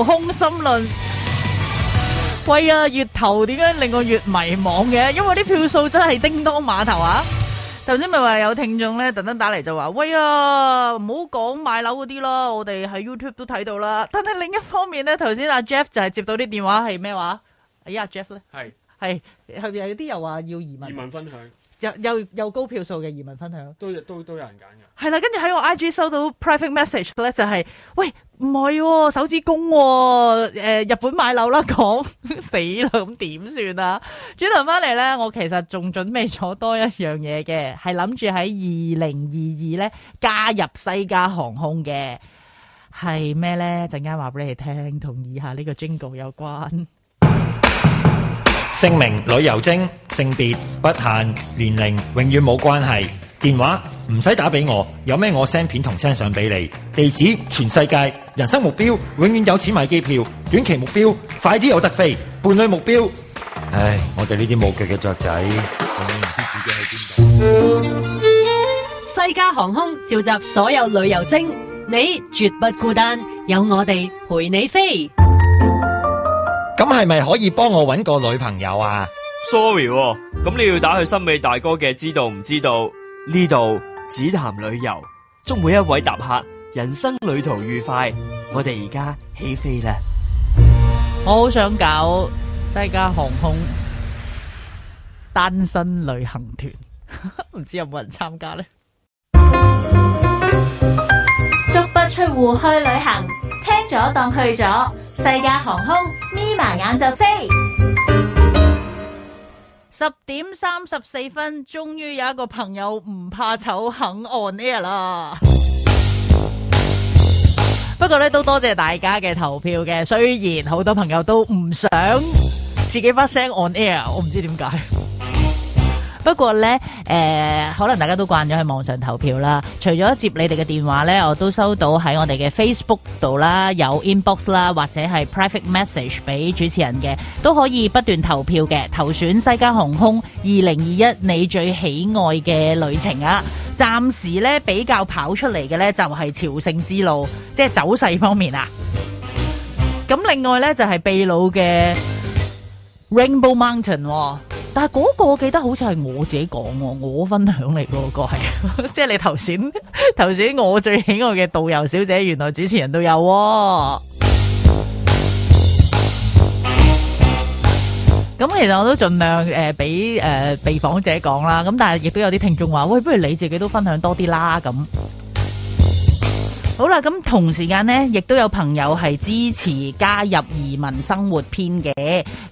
空心論，喂啊！月頭點解令我越迷茫嘅？因為啲票數真係叮當碼頭啊！頭先咪話有聽眾咧，特登打嚟就話喂啊，唔好講買樓啲咯，我哋喺 YouTube 都睇到啦。但係另一方面咧，頭先阿 Jeff 就係接到啲電話，係咩話？哎呀 Jeff 咧，係係後邊有啲又話要移民，移民分享，又又又高票數嘅移民分享，都都都有人揀。係啦，跟住喺我 IG 收到 private message 咧，就係喂，唔係手指公誒，日本買樓啦，講死啦，咁點算啊？轉頭翻嚟咧，我其實仲準備咗多一樣嘢嘅，係諗住喺二零二二咧加入西加航空嘅，係咩咧？陣間話俾你哋聽，同以下呢個 Jingle 有關。姓名、旅遊、精、性別不限、年齡永遠冇關係。電話唔使打俾我，有咩我 send 片同 send 相俾你。地址全世界，人生目標永遠有錢買機票，短期目標快啲有得飛，伴侶目標。唉，我哋呢啲冇腳嘅雀仔，永遠唔知自己喺邊度。世界航空召集所有旅遊精，你絕不孤單，有我哋陪你飛。咁係咪可以幫我搵個女朋友啊？Sorry，咁、哦、你要打去森美大哥嘅，知道唔知道？呢度只談旅遊，祝每一位搭客人生旅途愉快。我哋而家起飛啦！我好想搞西加航空單身旅行團，唔 知有冇人參加咧？足不出戶去旅行，聽咗當去咗，西加航空眯埋眼就飛。十點三十四分，終於有一個朋友唔怕醜，肯 on air 啦。不過咧，都多謝大家嘅投票嘅，雖然好多朋友都唔想自己把聲 on air，我唔知點解。不過呢，誒、呃，可能大家都慣咗喺網上投票啦。除咗接你哋嘅電話呢，我都收到喺我哋嘅 Facebook 度啦，有 inbox 啦，或者係 private message 俾主持人嘅，都可以不斷投票嘅，投選西加航空二零二一你最喜愛嘅旅程啊！暫時呢，比較跑出嚟嘅呢，就係朝聖之路，即、就、係、是、走勢方面啊。咁另外呢，就係秘魯嘅 Rainbow Mountain。但係嗰個我記得好似係我自己講，我分享嚟咯，個係即係你頭先頭先我最喜愛嘅導遊小姐，原來主持人都有。咁其實我都盡量誒俾誒被訪者講啦，咁但係亦都有啲聽眾話，喂，不如你自己都分享多啲啦咁。好啦，咁同時間呢，亦都有朋友係支持加入移民生活篇嘅。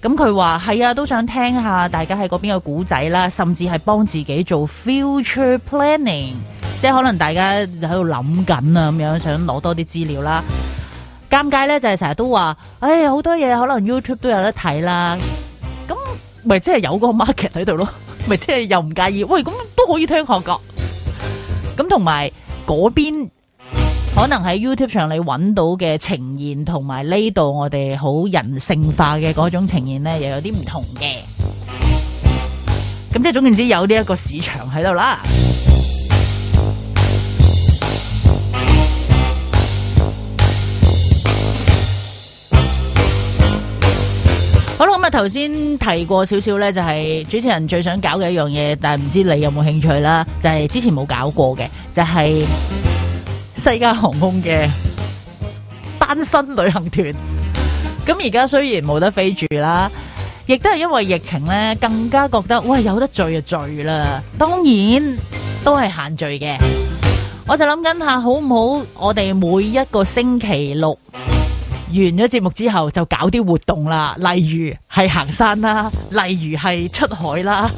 咁佢話係啊，都想聽下大家喺嗰邊嘅古仔啦，甚至係幫自己做 future planning，即係可能大家喺度諗緊啊咁樣，想攞多啲資料啦。尷尬呢，就係成日都話，唉、哎，好多嘢可能 YouTube 都有得睇啦。咁咪即係有個 market 喺度咯，咪即係又唔介意。喂，咁都可以聽學噶。咁同埋嗰邊。可能喺 YouTube 上你揾到嘅呈現，同埋呢度我哋好人性化嘅嗰種呈現呢，又有啲唔同嘅。咁即係總言之，有呢一個市場喺度啦、嗯。好啦，咁啊頭先提過少少呢，就係主持人最想搞嘅一樣嘢，但係唔知你有冇興趣啦？就係、是、之前冇搞過嘅，就係、是。西加航空嘅單身旅行團，咁而家雖然冇得飛住啦，亦都係因為疫情咧，更加覺得喂，有得聚就聚啦。當然都係限聚嘅。我就諗緊下好唔好，我哋每一個星期六完咗節目之後就搞啲活動啦，例如係行山啦，例如係出海啦，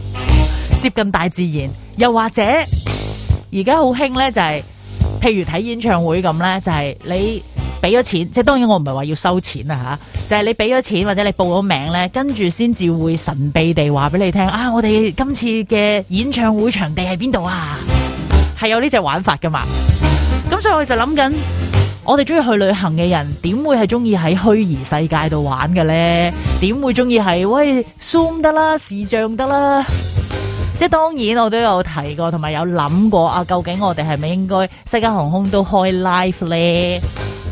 接近大自然，又或者而家好興咧就係、是。譬如睇演唱會咁呢，就係、是、你俾咗錢，即係當然我唔係話要收錢啊，吓，就係、是、你俾咗錢或者你報咗名呢，跟住先至會神秘地話俾你聽啊，我哋今次嘅演唱會場地喺邊度啊，係有呢隻玩法噶嘛？咁所以我就諗緊，我哋中意去旅行嘅人，點會係中意喺虛擬世界度玩嘅呢？點會中意係喂 Zoom 得啦，視像得啦？即當然，我都有提過，同埋有諗過啊，究竟我哋係咪應該西加航空都開 live 咧？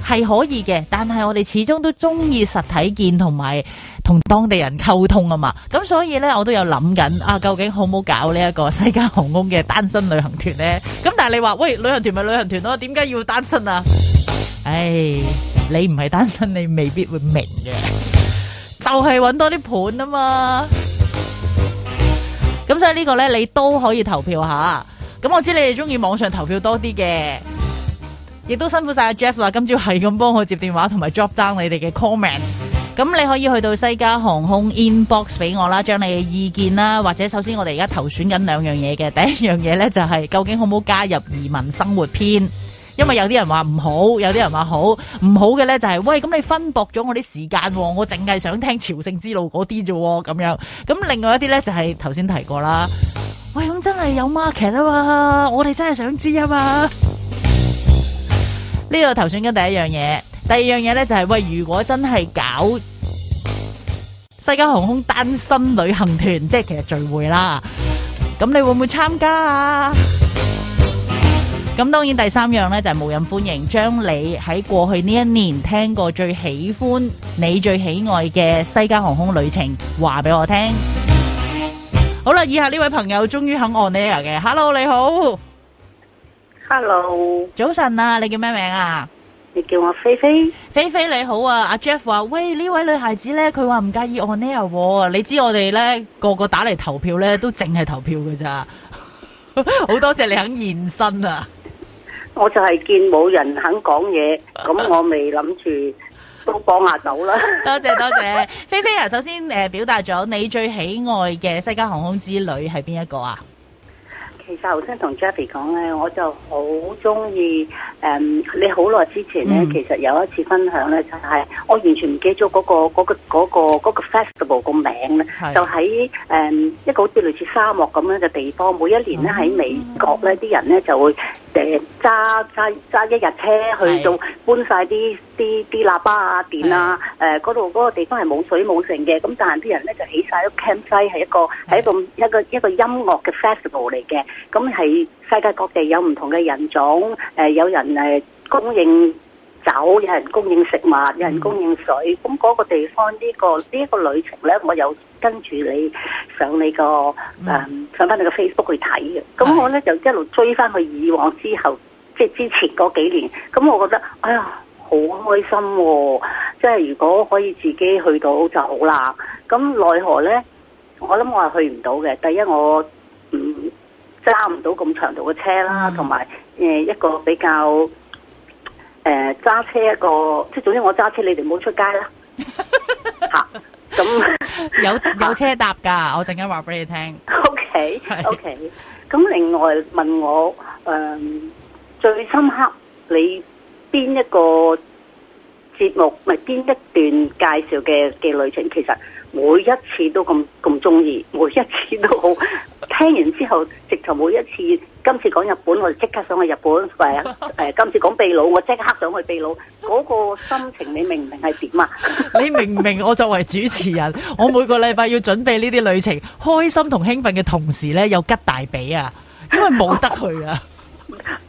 係可以嘅，但係我哋始終都中意實體見同埋同當地人溝通啊嘛。咁所以呢，我都有諗緊啊，究竟好唔好搞呢一個西加航空嘅單身旅行團呢？咁但係你話喂，旅行團咪旅行團咯，點解要單身啊？唉、哎，你唔係單身，你未必會明嘅，就係、是、揾多啲盤啊嘛。咁所以呢個呢，你都可以投票下。咁我知你哋中意網上投票多啲嘅，亦都辛苦晒阿 Jeff 啦。今朝係咁幫我接電話同埋 drop down 你哋嘅 comment。咁你可以去到西加航空 inbox 俾我啦，將你嘅意見啦，或者首先我哋而家投選緊兩樣嘢嘅，第一樣嘢呢，就係究竟好唔好加入移民生活篇。因為有啲人話唔好，有啲人話好，唔好嘅呢就係喂，咁你分薄咗我啲時間，我淨係想聽朝聖之路嗰啲咋咁樣，咁另外一啲呢就係頭先提過啦，喂，咁真係有 market 啊嘛，我哋真係想知啊嘛，呢個頭先跟第一樣嘢，第二樣嘢呢就係喂，如果真係搞世界航空單身旅行團，即係其實聚會啦，咁你會唔會參加啊？咁當然第三樣咧，就係無人歡迎，將你喺過去呢一年聽過最喜歡、你最喜愛嘅西加航空旅程話俾我聽。 好啦，以下呢位朋友終於肯 on air 嘅，Hello 你好，Hello 早晨啊，你叫咩名啊？你叫我菲菲，菲菲你好啊，阿 Jeff 話喂呢位女孩子咧，佢話唔介意 on air，你知我哋咧，個個打嚟投票咧都淨係投票噶咋，好 多謝你肯現身啊！我就係見冇人肯講嘢，咁我未諗住都幫下手 啦。多謝多謝， 菲菲啊！首先誒，表達咗你最喜愛嘅西加航空之旅係邊一個啊？其實頭先同 Jeffy 講咧，我就好中意誒，你好耐之前咧、嗯，其實有一次分享咧，就係、是、我完全唔記咗嗰、那個嗰、那個嗰、那個嗰、那個 festival 個名咧，就喺誒、嗯、一個好似類似沙漠咁樣嘅地方，每一年咧喺、嗯、美國咧，啲人咧就會。誒，揸揸揸一日車去到搬晒啲啲啲喇叭啊、電啊、呃，誒，嗰度嗰個地方係冇水冇剩嘅，咁但係啲人咧就起晒啲 campsite，係一個係一個一個一個音樂嘅 festival 嚟嘅，咁係世界各地有唔同嘅人種，誒、呃，有人誒供應。走有人供應食物，有人供應水。咁、嗯、嗰、那個地方呢、這個呢、這個、旅程呢，我有跟住你上你個、嗯、上翻你個 Facebook 去睇嘅。咁我呢，就一路追翻去以往之後，即係之前嗰幾年。咁我覺得哎呀好開心喎、哦！即係如果可以自己去到就好啦。咁奈何呢？我諗我係去唔到嘅。第一我唔揸唔到咁長途嘅車啦，同埋、呃、一個比較。誒，揸車一個，即係總之我揸車，你哋唔好出街啦。吓， 咁有有車搭噶， 我陣間話俾你聽。O K，O K，咁另外問我誒，最深刻你邊一個節目咪邊一段介紹嘅嘅旅程，其實。每一次都咁咁中意，每一次都好，聽完之後，直頭每一次今次講日本，我即刻想去日本。誒誒、呃，今次講秘魯，我即刻想去秘魯。嗰、那個心情你明唔明係點啊？你明唔明？我作為主持人，我每個禮拜要準備呢啲旅程，開心同興奮嘅同時呢，又吉大髀啊！因為冇得去啊！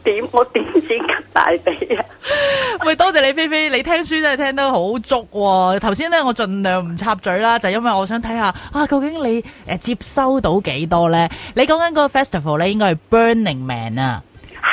點我點先咁大地啊！ 喂，多謝你菲菲， 你聽書真係聽得好足。啊。頭先咧，我盡量唔插嘴啦，就係，因為我想睇下啊，究竟你誒、呃、接收到幾多咧？你講緊嗰個 festival 咧，應該係 Burning Man 啊。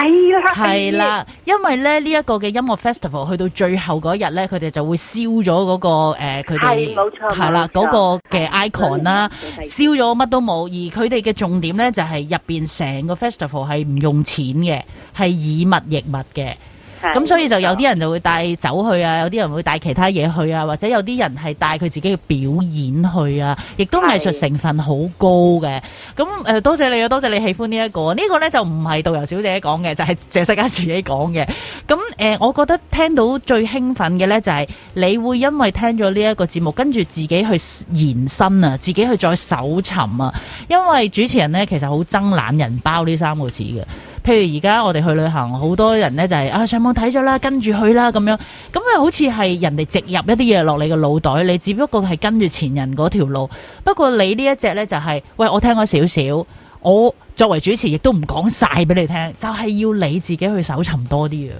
係、哎、啦，因為咧呢一個嘅音樂 festival 去到最後嗰日咧，佢哋就會燒咗嗰個誒，佢哋冇錯係啦嗰個嘅 icon 啦，燒咗乜都冇，而佢哋嘅重點咧就係入邊成個 festival 係唔用錢嘅，係以物易物嘅。咁所以就有啲人就會帶酒去啊，有啲人會帶其他嘢去啊，或者有啲人係帶佢自己嘅表演去啊，亦都藝術成分好高嘅。咁、呃、多謝你啊，多謝你喜歡呢、這、一個。呢、這個呢就唔係導遊小姐講嘅，就係、是、謝世佳自己講嘅。咁、呃、我覺得聽到最興奮嘅呢，就係、是、你會因為聽咗呢一個節目，跟住自己去延伸啊，自己去再搜尋啊，因為主持人呢，其實好憎懶人包呢三個字嘅。譬如而家我哋去旅行，好多人呢就係啊，上網睇咗啦，跟住去啦咁樣，咁啊好似係人哋植入一啲嘢落你個腦袋，你只不過係跟住前人嗰條路。不過你呢一隻呢，就係，喂，我聽咗少少，我作為主持亦都唔講晒俾你聽，就係要你自己去搜尋多啲啊。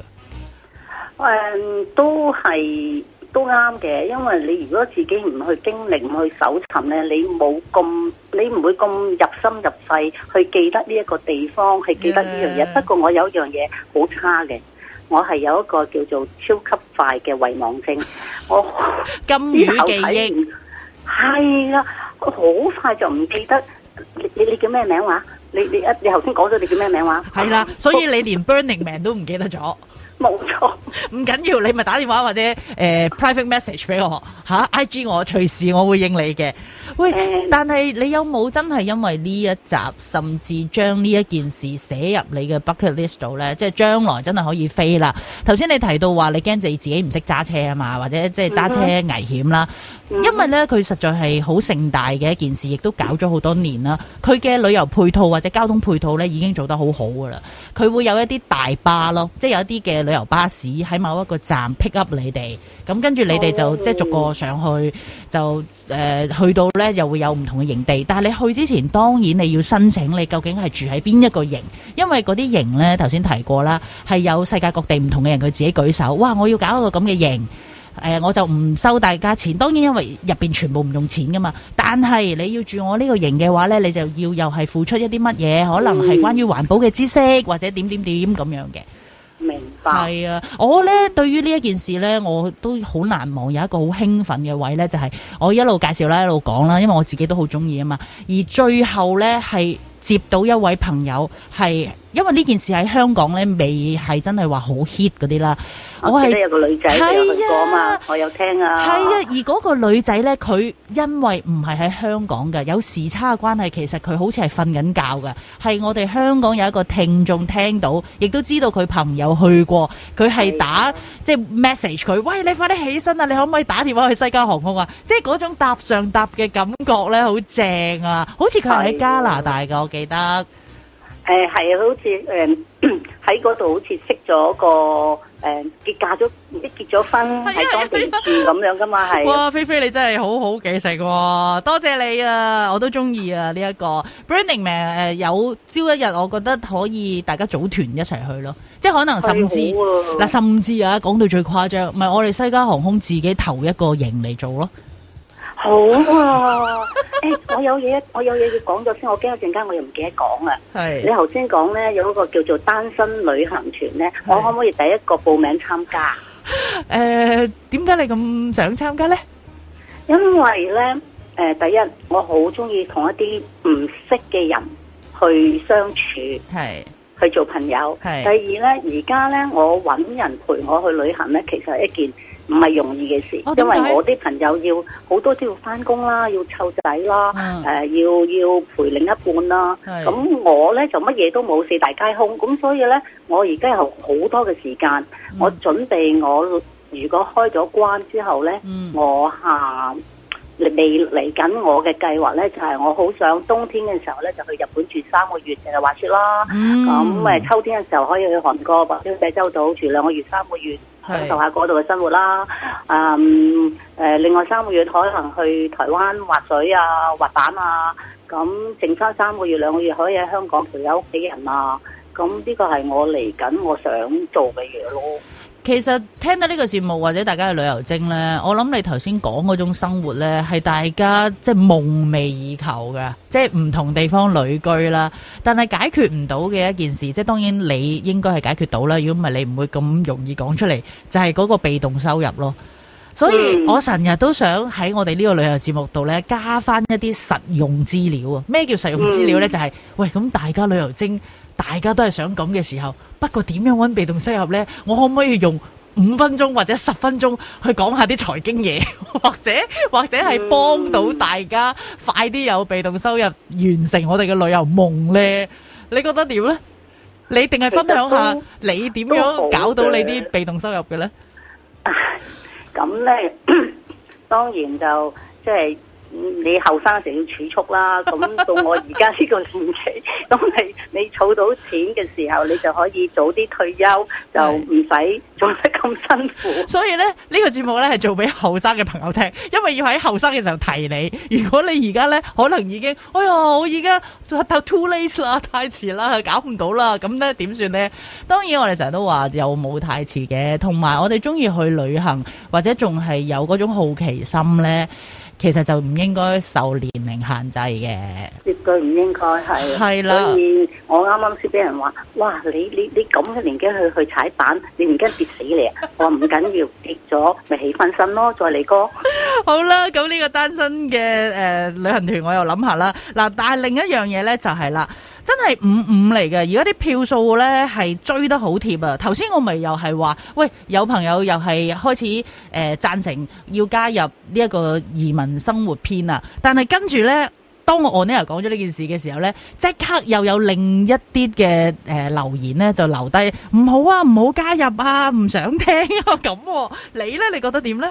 誒，都係。都啱嘅，因為你如果自己唔去經歷、唔去搜尋咧，你冇咁，你唔會咁入心入肺去記得呢一個地方，去記得呢樣嘢。不過我有一樣嘢好差嘅，我係有一個叫做超級快嘅遺忘症，我金魚記憶係啦，我好快就唔記得。你你你叫咩名話？你你啊，你頭先講咗你叫咩名話？係啦，所以你連 Burning Man 都唔記得咗。冇錯，唔緊要，你咪打電話或者 private message 俾我嚇、啊、，I G 我隨時我會應你嘅。喂，呃、但係你有冇真係因為呢一集，甚至將呢一件事寫入你嘅 bucket list 度呢？即係將來真係可以飛啦。頭先你提到話你驚自己唔識揸車啊嘛，或者即係揸車危險啦、嗯。因為呢，佢實在係好盛大嘅一件事，亦都搞咗好多年啦。佢嘅旅遊配套或者交通配套呢，已經做得好好㗎啦。佢會有一啲大巴咯，即係有一啲嘅。旅遊巴士喺某一個站 pick up 你哋，咁跟住你哋就、oh、即係逐個上去，就誒、呃、去到呢又會有唔同嘅營地。但係你去之前，當然你要申請，你究竟係住喺邊一個營，因為嗰啲營呢，頭先提過啦，係有世界各地唔同嘅人佢自己舉手，哇！我要搞一個咁嘅營，誒、呃、我就唔收大家錢。當然因為入邊全部唔用錢噶嘛，但係你要住我呢個營嘅話呢，你就要又係付出一啲乜嘢？可能係關於環保嘅知識，或者點點點咁樣嘅。明白。係啊，我呢對於呢一件事呢，我都好難忘，有一個好興奮嘅位呢，就係、是、我一路介紹啦，一路講啦，因為我自己都好中意啊嘛，而最後呢，係。接到一位朋友係因為呢件事喺香港咧，未係真係話好 hit 啲啦。我係你有個女仔，係啊嘛，我有聽啊。係啊，而個女仔咧，佢因為唔係喺香港嘅，有時差嘅關係，其實佢好似係瞓緊覺嘅。係我哋香港有一個聽眾聽到，亦都知道佢朋友去過，佢係打、啊、即係 message 佢，喂，你快啲起身啊！你可唔可以打電話去西加航空啊？即係嗰種搭上搭嘅感覺咧，好正啊！好似佢喺加拿大個。記得誒，係、呃、啊，好似誒喺嗰度好似識咗個誒結嫁咗，即係結咗婚喺當地咁樣噶嘛係。哇，菲菲你真係好好記性， 多謝你啊！我都中意啊呢一、這個。Branding Man 誒、呃，有朝一日我覺得可以大家組團一齊去咯，即係可能甚至嗱，甚至啊，講到最誇張，唔、就、係、是、我哋西加航空自己投一個營嚟做咯。 好啊！誒、欸，我有嘢，我有嘢要講咗先，我驚一陣間我又唔記得講啊！係你頭先講咧，有一個叫做單身旅行團咧，我可唔可以第一個報名參加？誒、呃，點解你咁想參加咧？因為咧，誒、呃，第一我好中意同一啲唔識嘅人去相處，係去做朋友。係第二咧，而家咧我搵人陪我去旅行咧，其實係一件。唔係容易嘅事，哦，因為我啲朋友要好多都要翻工啦，要湊仔啦，嗯呃、要要陪另一半啦。咁我呢，就乜嘢都冇，四大皆空。咁所以呢，我而家有好多嘅時間，嗯，我準備我如果開咗關之後呢，嗯、我喊。未嚟緊，我嘅計劃呢，就係、是、我好想冬天嘅時候呢，就去日本住三個月，淨係滑雪啦。咁、mm. 嗯、秋天嘅時候可以去韓國或者濟州島住兩個月、三個月享受下嗰度嘅生活啦。誒、mm. 嗯呃、另外三個月可能去台灣滑水啊、滑板啊。咁、嗯、剩翻三個月、兩個月可以喺香港陪下屋企人啊。咁、嗯、呢個係我嚟緊我想做嘅嘢咯。其實聽到呢個節目或者大家去旅遊精呢，我諗你頭先講嗰種生活呢，係大家即係夢寐以求嘅，即係唔同地方旅居啦。但係解決唔到嘅一件事，即係當然你應該係解決到啦。如果唔係你唔會咁容易講出嚟，就係嗰個被動收入咯。所以我成日都想喺我哋呢個旅遊節目度呢，加翻一啲實用資料啊。咩叫實用資料呢？就係喂，咁大家旅遊精。大家都係想咁嘅時候，不過點樣搵被動收入呢？我可唔可以用五分鐘或者十分鐘去講下啲財經嘢，或者或者係幫到大家快啲有被動收入，完成我哋嘅旅遊夢呢？你覺得點呢？你定係分享下你點樣搞到你啲被動收入嘅呢？咁呢，當然就即係。你後生時要儲蓄啦，咁到我而家呢個年期， 當你你儲到錢嘅時候，你就可以早啲退休，就唔使做得咁辛苦。 所以呢呢、呢個節目呢，係做俾後生嘅朋友聽，因為要喺後生嘅時候提你。如果你而家呢，可能已經，哎呀，我而家太 too late 啦，太遲啦，搞唔到啦，咁呢點算呢？當然我哋成日都話又冇太遲嘅，同埋我哋中意去旅行，或者仲係有嗰種好奇心呢。其實就唔應該受年齡限制嘅，絕對唔應該係。係啦，所以我啱啱先俾人話，哇！你你你咁嘅年紀去去踩板，你唔驚跌死你啊！ 我唔緊要，跌咗咪起翻身咯，再嚟過。 好啦，咁呢個單身嘅誒、呃、旅行團，我又諗下啦。嗱，但係另一樣嘢咧就係、是、啦。真係五五嚟嘅，而家啲票數呢係追得好貼啊！頭先我咪又係話，喂，有朋友又係開始誒贊成要加入呢一個移民生活篇啊！但係跟住呢，當我 online 又講咗呢件事嘅時候呢，即刻又有另一啲嘅誒留言呢就留低唔好啊，唔好加入啊，唔想聽啊咁、啊。你呢？你覺得點呢？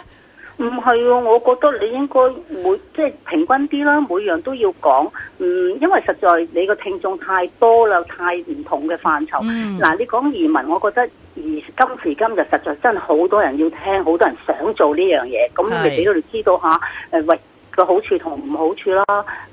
唔係啊，我覺得你應該每即係平均啲啦，每樣都要講。嗯，因為實在你個聽眾太多啦，太唔同嘅範疇。嗱、嗯，你講移民，我覺得而今時今日實在真係好多人要聽，好多人想做呢樣嘢，咁你俾佢哋知道下。誒，喂個好處同唔好處囉，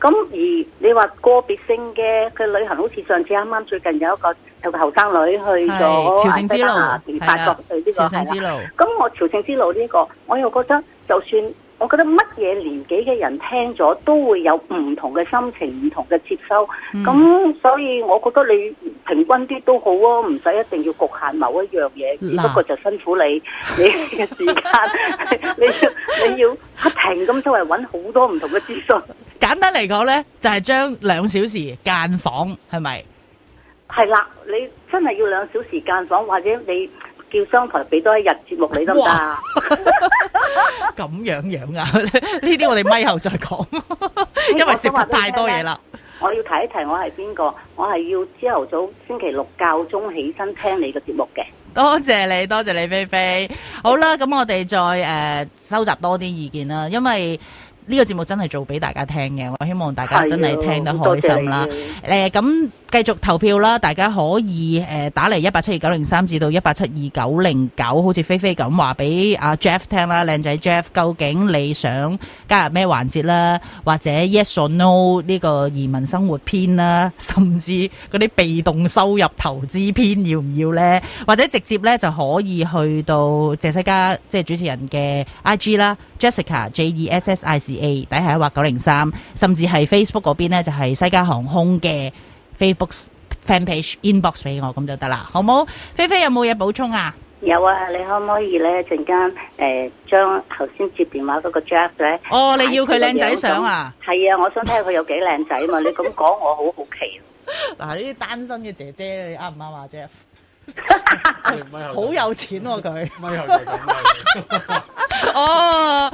咁而你話個別性嘅嘅旅行，好似上次啱啱最近有一個有個後生女去咗朝聖之路，係啦、這個啊，朝聖之路。咁、啊、我朝聖之路呢、這個，我又覺得就算。我覺得乜嘢年紀嘅人聽咗都會有唔同嘅心情，唔同嘅接收，咁、嗯、所以我覺得你平均啲都好啊，唔使一定要局限某一樣嘢，不過就辛苦你你嘅時間， 你要你要不停咁周圍揾好多唔同嘅資訊。簡單嚟講呢，就係將兩小時間房係咪？係啦，你真係要兩小時間房，或者你。叫商台俾多一日節目，你得唔得？咁樣樣啊？呢啲我哋咪後再講， hey，因為食太多嘢啦。我要提一提，我係邊個？我係要朝頭早星期六教鐘起身聽你嘅節目嘅。多謝你，多謝你，菲菲。好啦，咁我哋再誒、呃、收集多啲意見啦，因為。呢、這個節目真係做俾大家聽嘅，我希望大家真係聽得開心啦。誒，咁繼、呃、續投票啦，大家可以誒打嚟一八七二九零三至到一八七二九零九，好似菲菲咁話俾阿 Jeff 聽啦，靚仔 Jeff，究竟你想加入咩環節啦，或者 Yes or No 呢個移民生活篇啦，甚至嗰啲被動收入投資篇要唔要呢？或者直接呢，就可以去到謝西加，即、就、係、是、主持人嘅 IG 啦，Jessica J E S S I C。底下一畫九零三，甚至係 Facebook 嗰邊咧，就係西加航空嘅 Facebook fan page inbox 俾我，咁就得啦，好冇？菲菲有冇嘢補充啊？有啊，你可唔可以咧陣間誒將頭先接電話嗰個 Jack 咧？哦，你要佢靚仔相啊？係啊，我想睇下佢有幾靚仔啊嘛！你咁講我好好奇。嗱，呢啲單身嘅姐姐你啱唔啱啊 Jack？好 有錢喎佢，哦，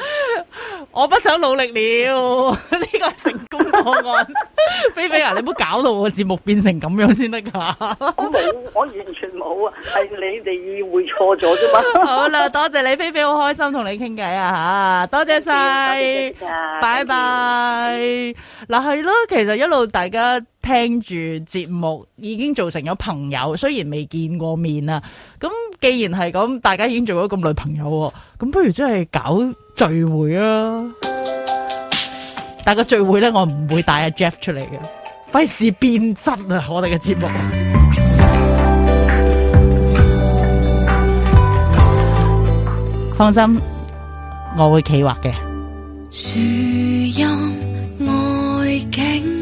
我不想努力了，呢 個成功個案。 菲菲啊，你唔好搞到我節目變成咁樣先得噶。 我冇，我完全冇啊，係你哋意會錯咗啫嘛。 好啦，多謝你，菲菲，好開心同你傾偈啊吓，多謝晒，拜 拜。嗱係咯，其實一路大家。聽住節目已經做成咗朋友，雖然未見過面啊。咁既然係咁，大家已經做咗咁耐朋友，咁不如真係搞聚會啊！ 但個聚會咧，我唔會帶阿 Jeff 出嚟嘅，費事 變質啊！我哋嘅節目， 放心，我會企劃嘅。樹蔭外景。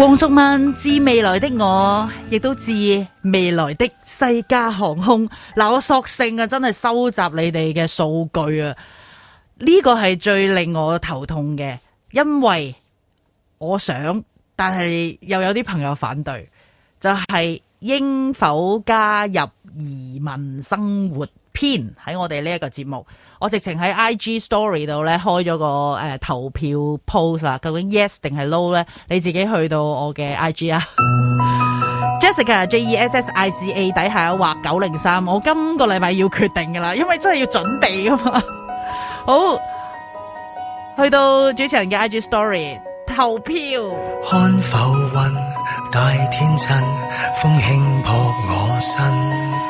黃叔問：致未來的我，亦都致未來的西加航空。嗱，我索性啊，真係收集你哋嘅數據啊，呢、這個係最令我頭痛嘅，因為我想，但係又有啲朋友反對，就係、是、應否加入移民生活？喺我哋呢一個節目，我直情喺 IG Story 度，咧開咗個誒、呃、投票 post 啦，究竟 yes 定係 no 咧？你自己去到我嘅 IG 啊、嗯、Jessica J E S S I C A 底下畫九零三，我今個禮拜要決定噶啦，因為真係要準備噶嘛。好，去到主持人嘅 IG Story 投票。看浮雲，大天真，風輕撲我身。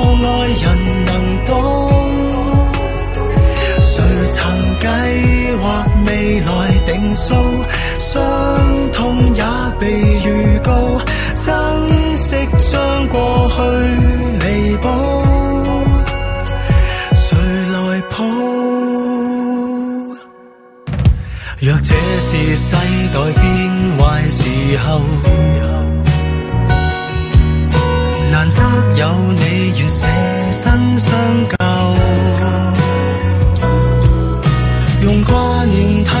傷痛也被預告，珍惜將過去彌補，誰來抱？若這是世代變壞時候，難得有你願捨身相救，用掛念。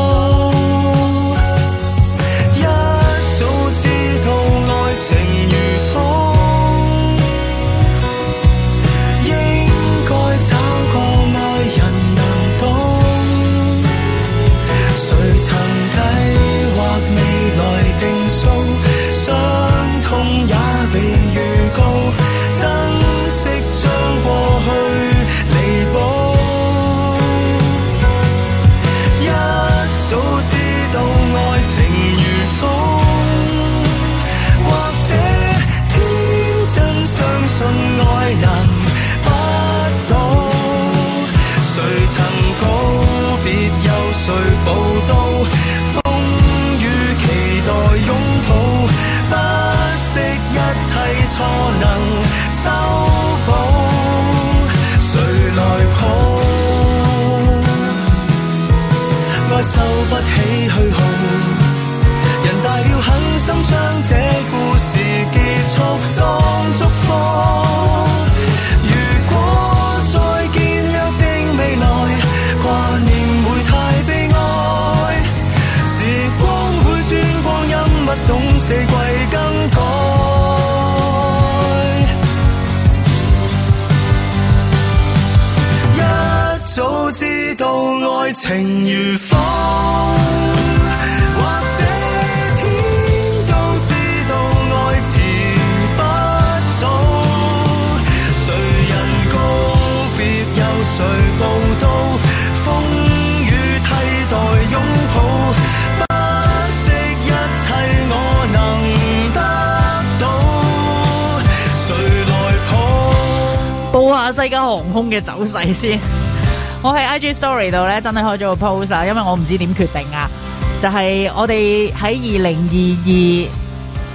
嘅走先，我喺 IG Story 度咧，真係開咗個 post 啊，因為我唔知點決定啊，就係、是、我哋喺二零二二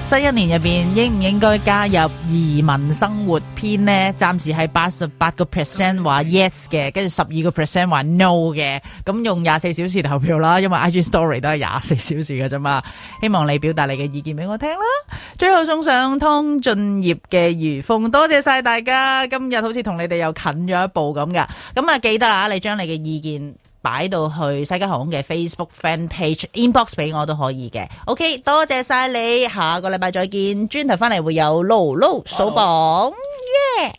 新一年入面，應唔應該加入移民生活篇呢？暫時係八十八個 percent 話 yes 嘅，跟住十二個 percent 話 no 嘅，咁用廿四小時投票啦，因為 IG Story 都係廿四小時㗎。啫嘛，希望你表達你嘅意見俾我聽啦。最後送上湯俊業嘅餘風，多謝晒大家。今日好似同你哋又近咗一步咁噶。咁啊，記得啦，你將你嘅意見擺到去西加航空嘅 Facebook Fan Page Inbox 俾我都可以嘅。OK，多謝晒你，下個禮拜再見。轉頭翻嚟會有路路數榜，耶、yeah!！